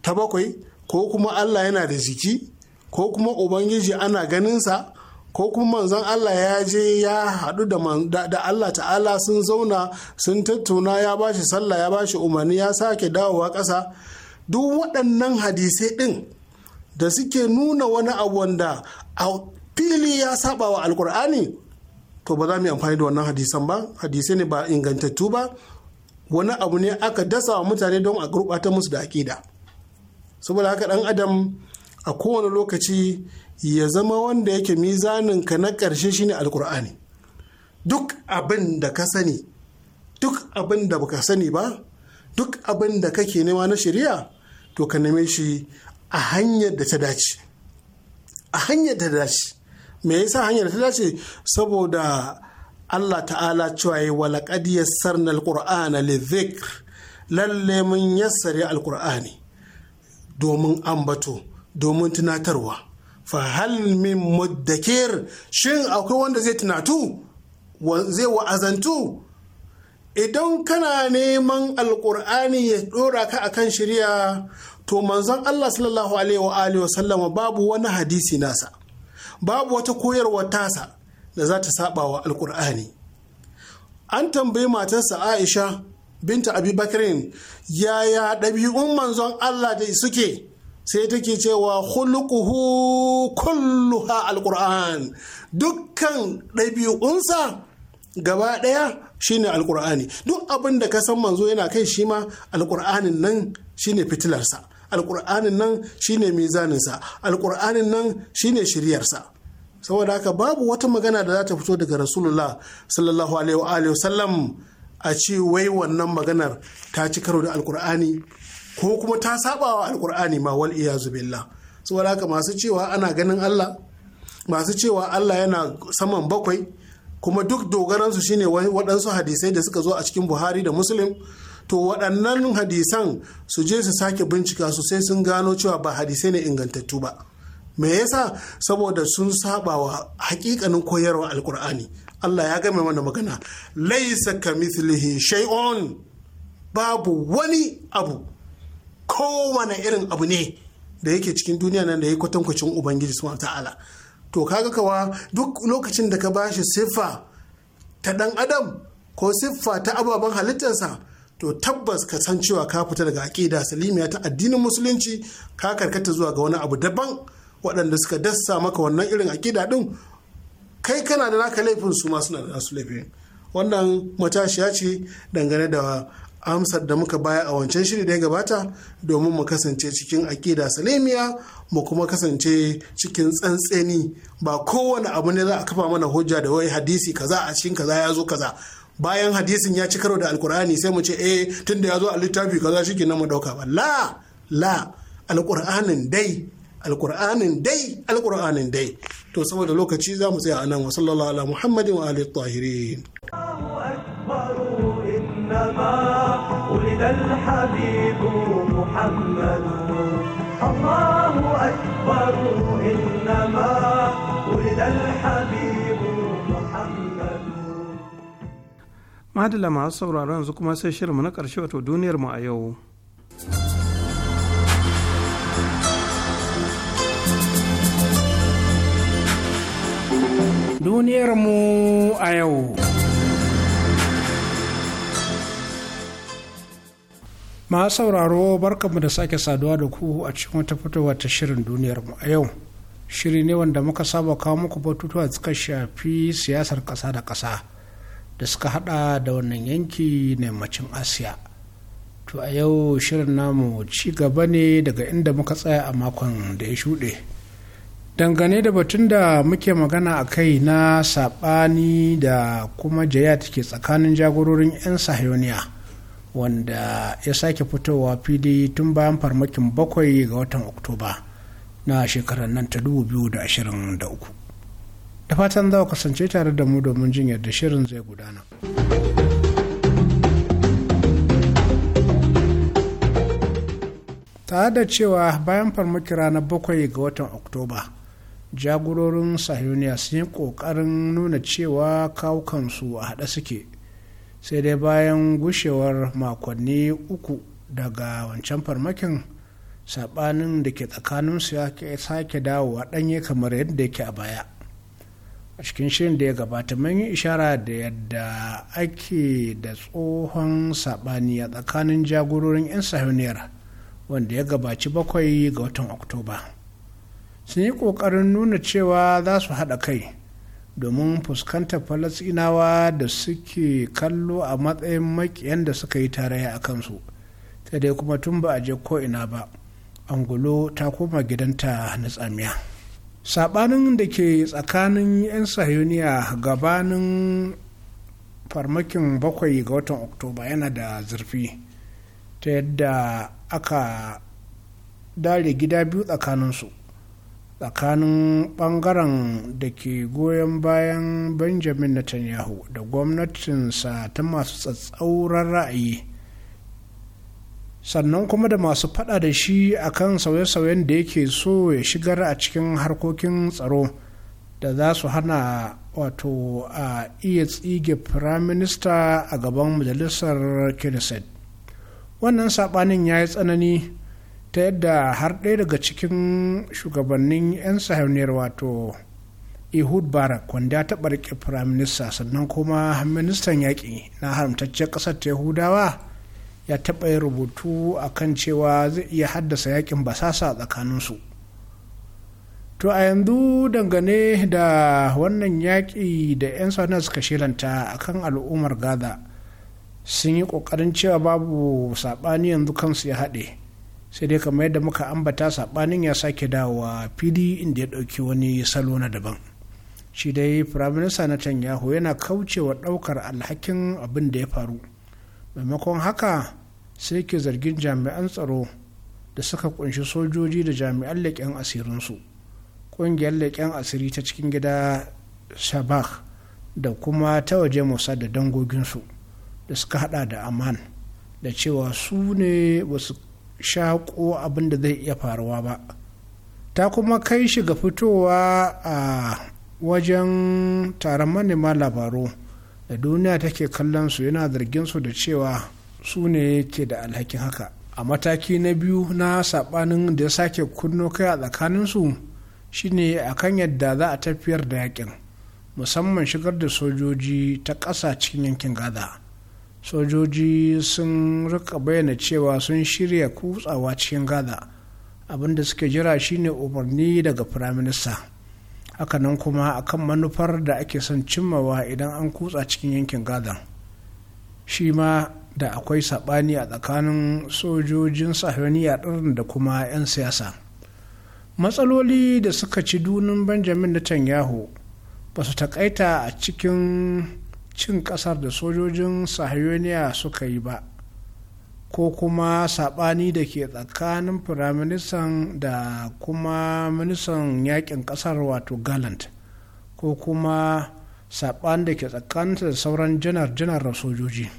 ta bakwai ko kuma Allah yana da jiki ko kuma Ubangiji ana ganinsa ko kuma manzon Allah ya je ya haɗu da Allah ta'ala sun zauna sun tattuna ya bashi sallah ya bashi umarni ya sake dawowa ƙasa duk waɗannan hadisai ɗin da suke nuna wani abu wanda a fili ya saba wa alkur'ani to ba za mu yi amfani da wannan hadisan ba hadisai ne ba ingantattu ba wani abu ne aka dasa wa mutane don a gurɓata musu da aƙida saboda haka ɗan adam a kowane lokaci ya zama wanda yake mizanin ka na ƙarshe shine alkur'ani duk abin da ka sani duk abin da baka sani ba duk abin da kake nema na shari'a to ka neme shi a hanyar da ta dace a hanyar da ta dace me yasa hanyar ta dace saboda Allah ta'ala cewa yi walaƙad yassarna alqur'ana lidhikr lalle mun yassare alqur'ani domin ambato domin tunatarwa fa hal min muddakir shin akwai wanda zai tunatu zai wa'azantu idan kana neman alkur'ani ya dora ka akan shirya to manzon Allah sallallahu alaihi wa alihi babu wani hadisi nasa babu wata koyarwa tasa da za ta saba wa alkur'ani an tambayi matarsa aisha binta bakirin yaya ɗabi'un manzon allah da suke sai take cewa khuluquhu kulluha alkur'an dukkan ɗabi'unsa gaba ɗaya shine alkur'ani duk abin da ka san manzo yana kai shi ma alkur'anin nan shine fitilarsa alkur'anin nan shine mizaninsa alkur'anin nan shine shiryarsa saboda haka babu wata magana da za ta fito daga rasulullah sallallahu alaihi wasallam a ce wai wannan maganar ta ci karo da alkur'ani ko kuma ta saba wa alkur'ani ma wal iyazu billah saboda haka masu cewa ana ganin Allah masu cewa Allah yana saman bakwai kuma duk dogaransu shine waɗansu hadisai da suka zo a cikin Buhari da Muslim to waɗannan hadisan su je su sake bincika su sai sun gano cewa ba hadisai ne ingantattu ba me yasa saboda sun saba wa hakikanin koyarwa alkur'ani Allah ya game mana magana laisa ka mithlihi shay'un babu wani abu kowane irin abu ne da yake cikin duniya nan da ya kwatankwacin ubangiji subhanahu ta'ala to kaga kawa duk lokacin da ka bashi siffa ta dan adam ko siffa ta ababen halittarsa to tabbas ka san cewa ka fita daga aƙida salimiya ta addinin musulunci ka karkata zuwa ga wani abu daban waɗanda suka dasa maka wannan irin aƙida ɗin kai kana da naka laifin su ma suna da nasu laifin wannan matashiya ce dangane da amsar da muka baya a wancan shiri da ya gabata domin mu kasance cikin aƙida salimiya mu kuma kasance cikin tsantseni ba kowane abu ne za a kafa mana hujja da wai hadisi kaza a cikin kaza ya zo kaza bayan hadisin ya ci karo da alkur'ani sai mu ce eh tunda ya zo a littafi kaza shi kenan mu dauka ba la la alkur'anin dai alkur'anin dai alkur'anin dai to saboda lokaci za mu tsaya anan wa sallallahu ala muhammadin wa alihi tahirin الله أكبر إنما madala masu sauraro yanzu kuma sai shirinmu na ƙarshe wato duniyarmu a yau duniyarmu a yau masu sauraro barkamu da sake saduwa da ku a cikin wata fitowa ta shirin duniyarmu a yau shiri ne wanda muka saba kawo muku batutuwa suka shafi siyasar ƙasa da ƙasa da suka hada da wannan yanki na yammacin asiya to a yau shirin namu ci gaba ne daga inda muka tsaya a makon da ya shuɗe dangane da batun da muke magana a kai na saɓani da kuma jaya take tsakanin jagororin 'yan sahiyoniya wanda ya sake fitowa fili tun bayan farmakin bakwai ga watan oktoba na shekarar nan ta uku. da fatan za ku kasance tare da mu domin jin yadda shirin zai gudana. tare da cewa bayan farmaki ranar bakwai ga watan oktoba jagororin sahiyoniya sun yi kokarin nuna cewa kawukansu a haɗe suke sai dai bayan gushewar makonni uku daga wancan farmakin saɓanin da ke tsakaninsu ya sake dawowa ɗanye kamar yadda yake a baya a cikin shirin da ya gabata mun yi ishara da yadda ake da tsohon saɓani a tsakanin jagororin 'yan sahuniyar wanda ya gabaci bakwai ga watan oktoba sun yi ƙoƙarin nuna cewa za su haɗa kai domin fuskantar falasinawa da suke kallo a matsayin maƙiyan da suka yi tarayya a kansu sai dai kuma tun ba a je ko'ina ba angulo ta koma gidanta na tsamiya. saɓanin da ke tsakanin 'yan sahiyoniya gabanin farmakin bakwai ga watan oktoba yana da zurfi ta yadda aka dare gida biyu tsakanin su tsakanin bangaren da ke goyon bayan benjamin netanyahu da gwamnatinsa ta masu tsatsauran ra'ayi sannan kuma da masu faɗa da shi akan sauye-sauyen da yake so ya shigar a cikin harkokin tsaro da za su hana wato a iya tsige firaminista a gaban majalisar kiriset wannan sabanin ya yi tsanani ta yadda har ɗaya daga cikin shugabannin 'yan sahauniyar wato ehud barak wanda ya taɓa rike firaminista sannan kuma ministan yaƙi na haramtaccen ƙasar ta yahudawa ya taɓa yin rubutu a kan cewa zai iya haddasa yakin basasa tsakaninsu to a yanzu dangane da wannan yaƙi da 'yan sanar suka shilanta a kan al'ummar gaza sun yi ƙoƙarin cewa babu saɓani yanzu kansu ya haɗe sai dai kamar yadda muka ambata saɓanin ya sake dawowa fili inda ya ɗauki wani salo na daban shi dai firaminista na tanyahu yana kaucewa ɗaukar alhakin abin da ya faru maimakon haka sai ke zargin jami'an tsaro da suka kunshi sojoji da jami'an leƙen asirinsu ƙungiyar leƙen asiri ta cikin gida shabak da kuma ta waje musa da dangoginsu da suka hada da aman da cewa su ne ba su shaƙo abin da zai iya faruwa ba ta kuma kai shi ga fitowa a wajen taron manema labaru da duniya take kallon su yana zargin su da cewa su ne ke da alhakin haka a mataki na biyu na sabanin da ya sake kunno kai a su shine akan yadda za a tafiyar da yakin musamman shigar da sojoji ta ƙasa cikin yankin gaza sojoji sun rika bayyana cewa sun shirya kutsawa cikin gaza abinda suke jira shine umarni daga firaminista haka nan kuma akan manufar da ake son cimmawa idan an kutsa cikin yankin gaza shi ma da akwai saɓani a tsakanin sojojin sahiyoniya ɗin da kuma 'yan siyasa matsaloli da suka ci dunin benjamin netanyahu ba su taƙaita a cikin cin ƙasar da sojojin sahiyoniya suka yi ba ko kuma saɓani da ke tsakanin firaministan da kuma ministan yakin ƙasar wato gallant ko kuma saɓani da ke tsakanin sauran janar-janar da sojoji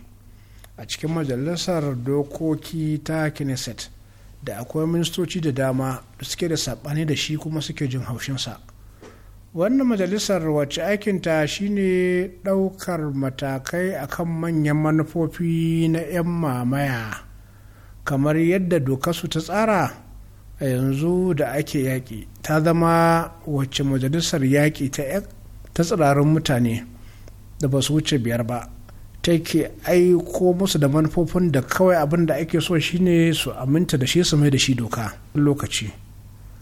a cikin majalisar dokoki ta knesset da akwai ministoci da dama da suke da saɓani da shi kuma suke jin haushinsa. wannan majalisar wacce aikinta shine ɗaukar matakai akan manyan manufofi na 'yan mamaya kamar yadda doka su ta tsara a yanzu da ake yaƙi ta zama wacce majalisar yaƙi ta tsirarin mutane da ba su wuce biyar ba ta ke aiko musu da manufofin da kawai abin da ake so shine su aminta da shi su mai da shi doka lokaci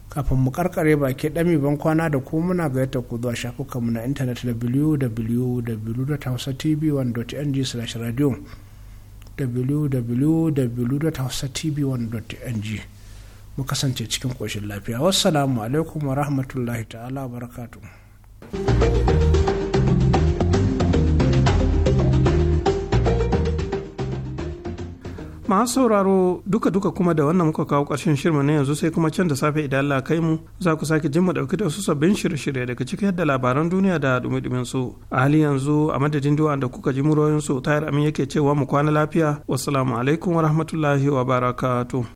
kafin mu karkare baki dami ban kwana da ku muna gayyata ku zuwa shafukanmu na intanet www.hausatv1.ng/radio www.hausatv1.ng mu kasance cikin koshin lafiya wassalamu alaikum wa rahmatullahi ta'ala barakatuhu masu sauraro duka-duka kuma da wannan muka kawo ƙarshen shirma na yanzu sai kuma can da safe idan Allah kai mu za ku sake jin mu dauki da wasu sabbin shirye-shirye daga cikin yadda labaran duniya da dumi-dumin su a hali yanzu a madadin duwa da kuka ji muroyin su tayar amin yake cewa mu kwana lafiya wassalamu alaikum wa rahmatullahi wa barakatuh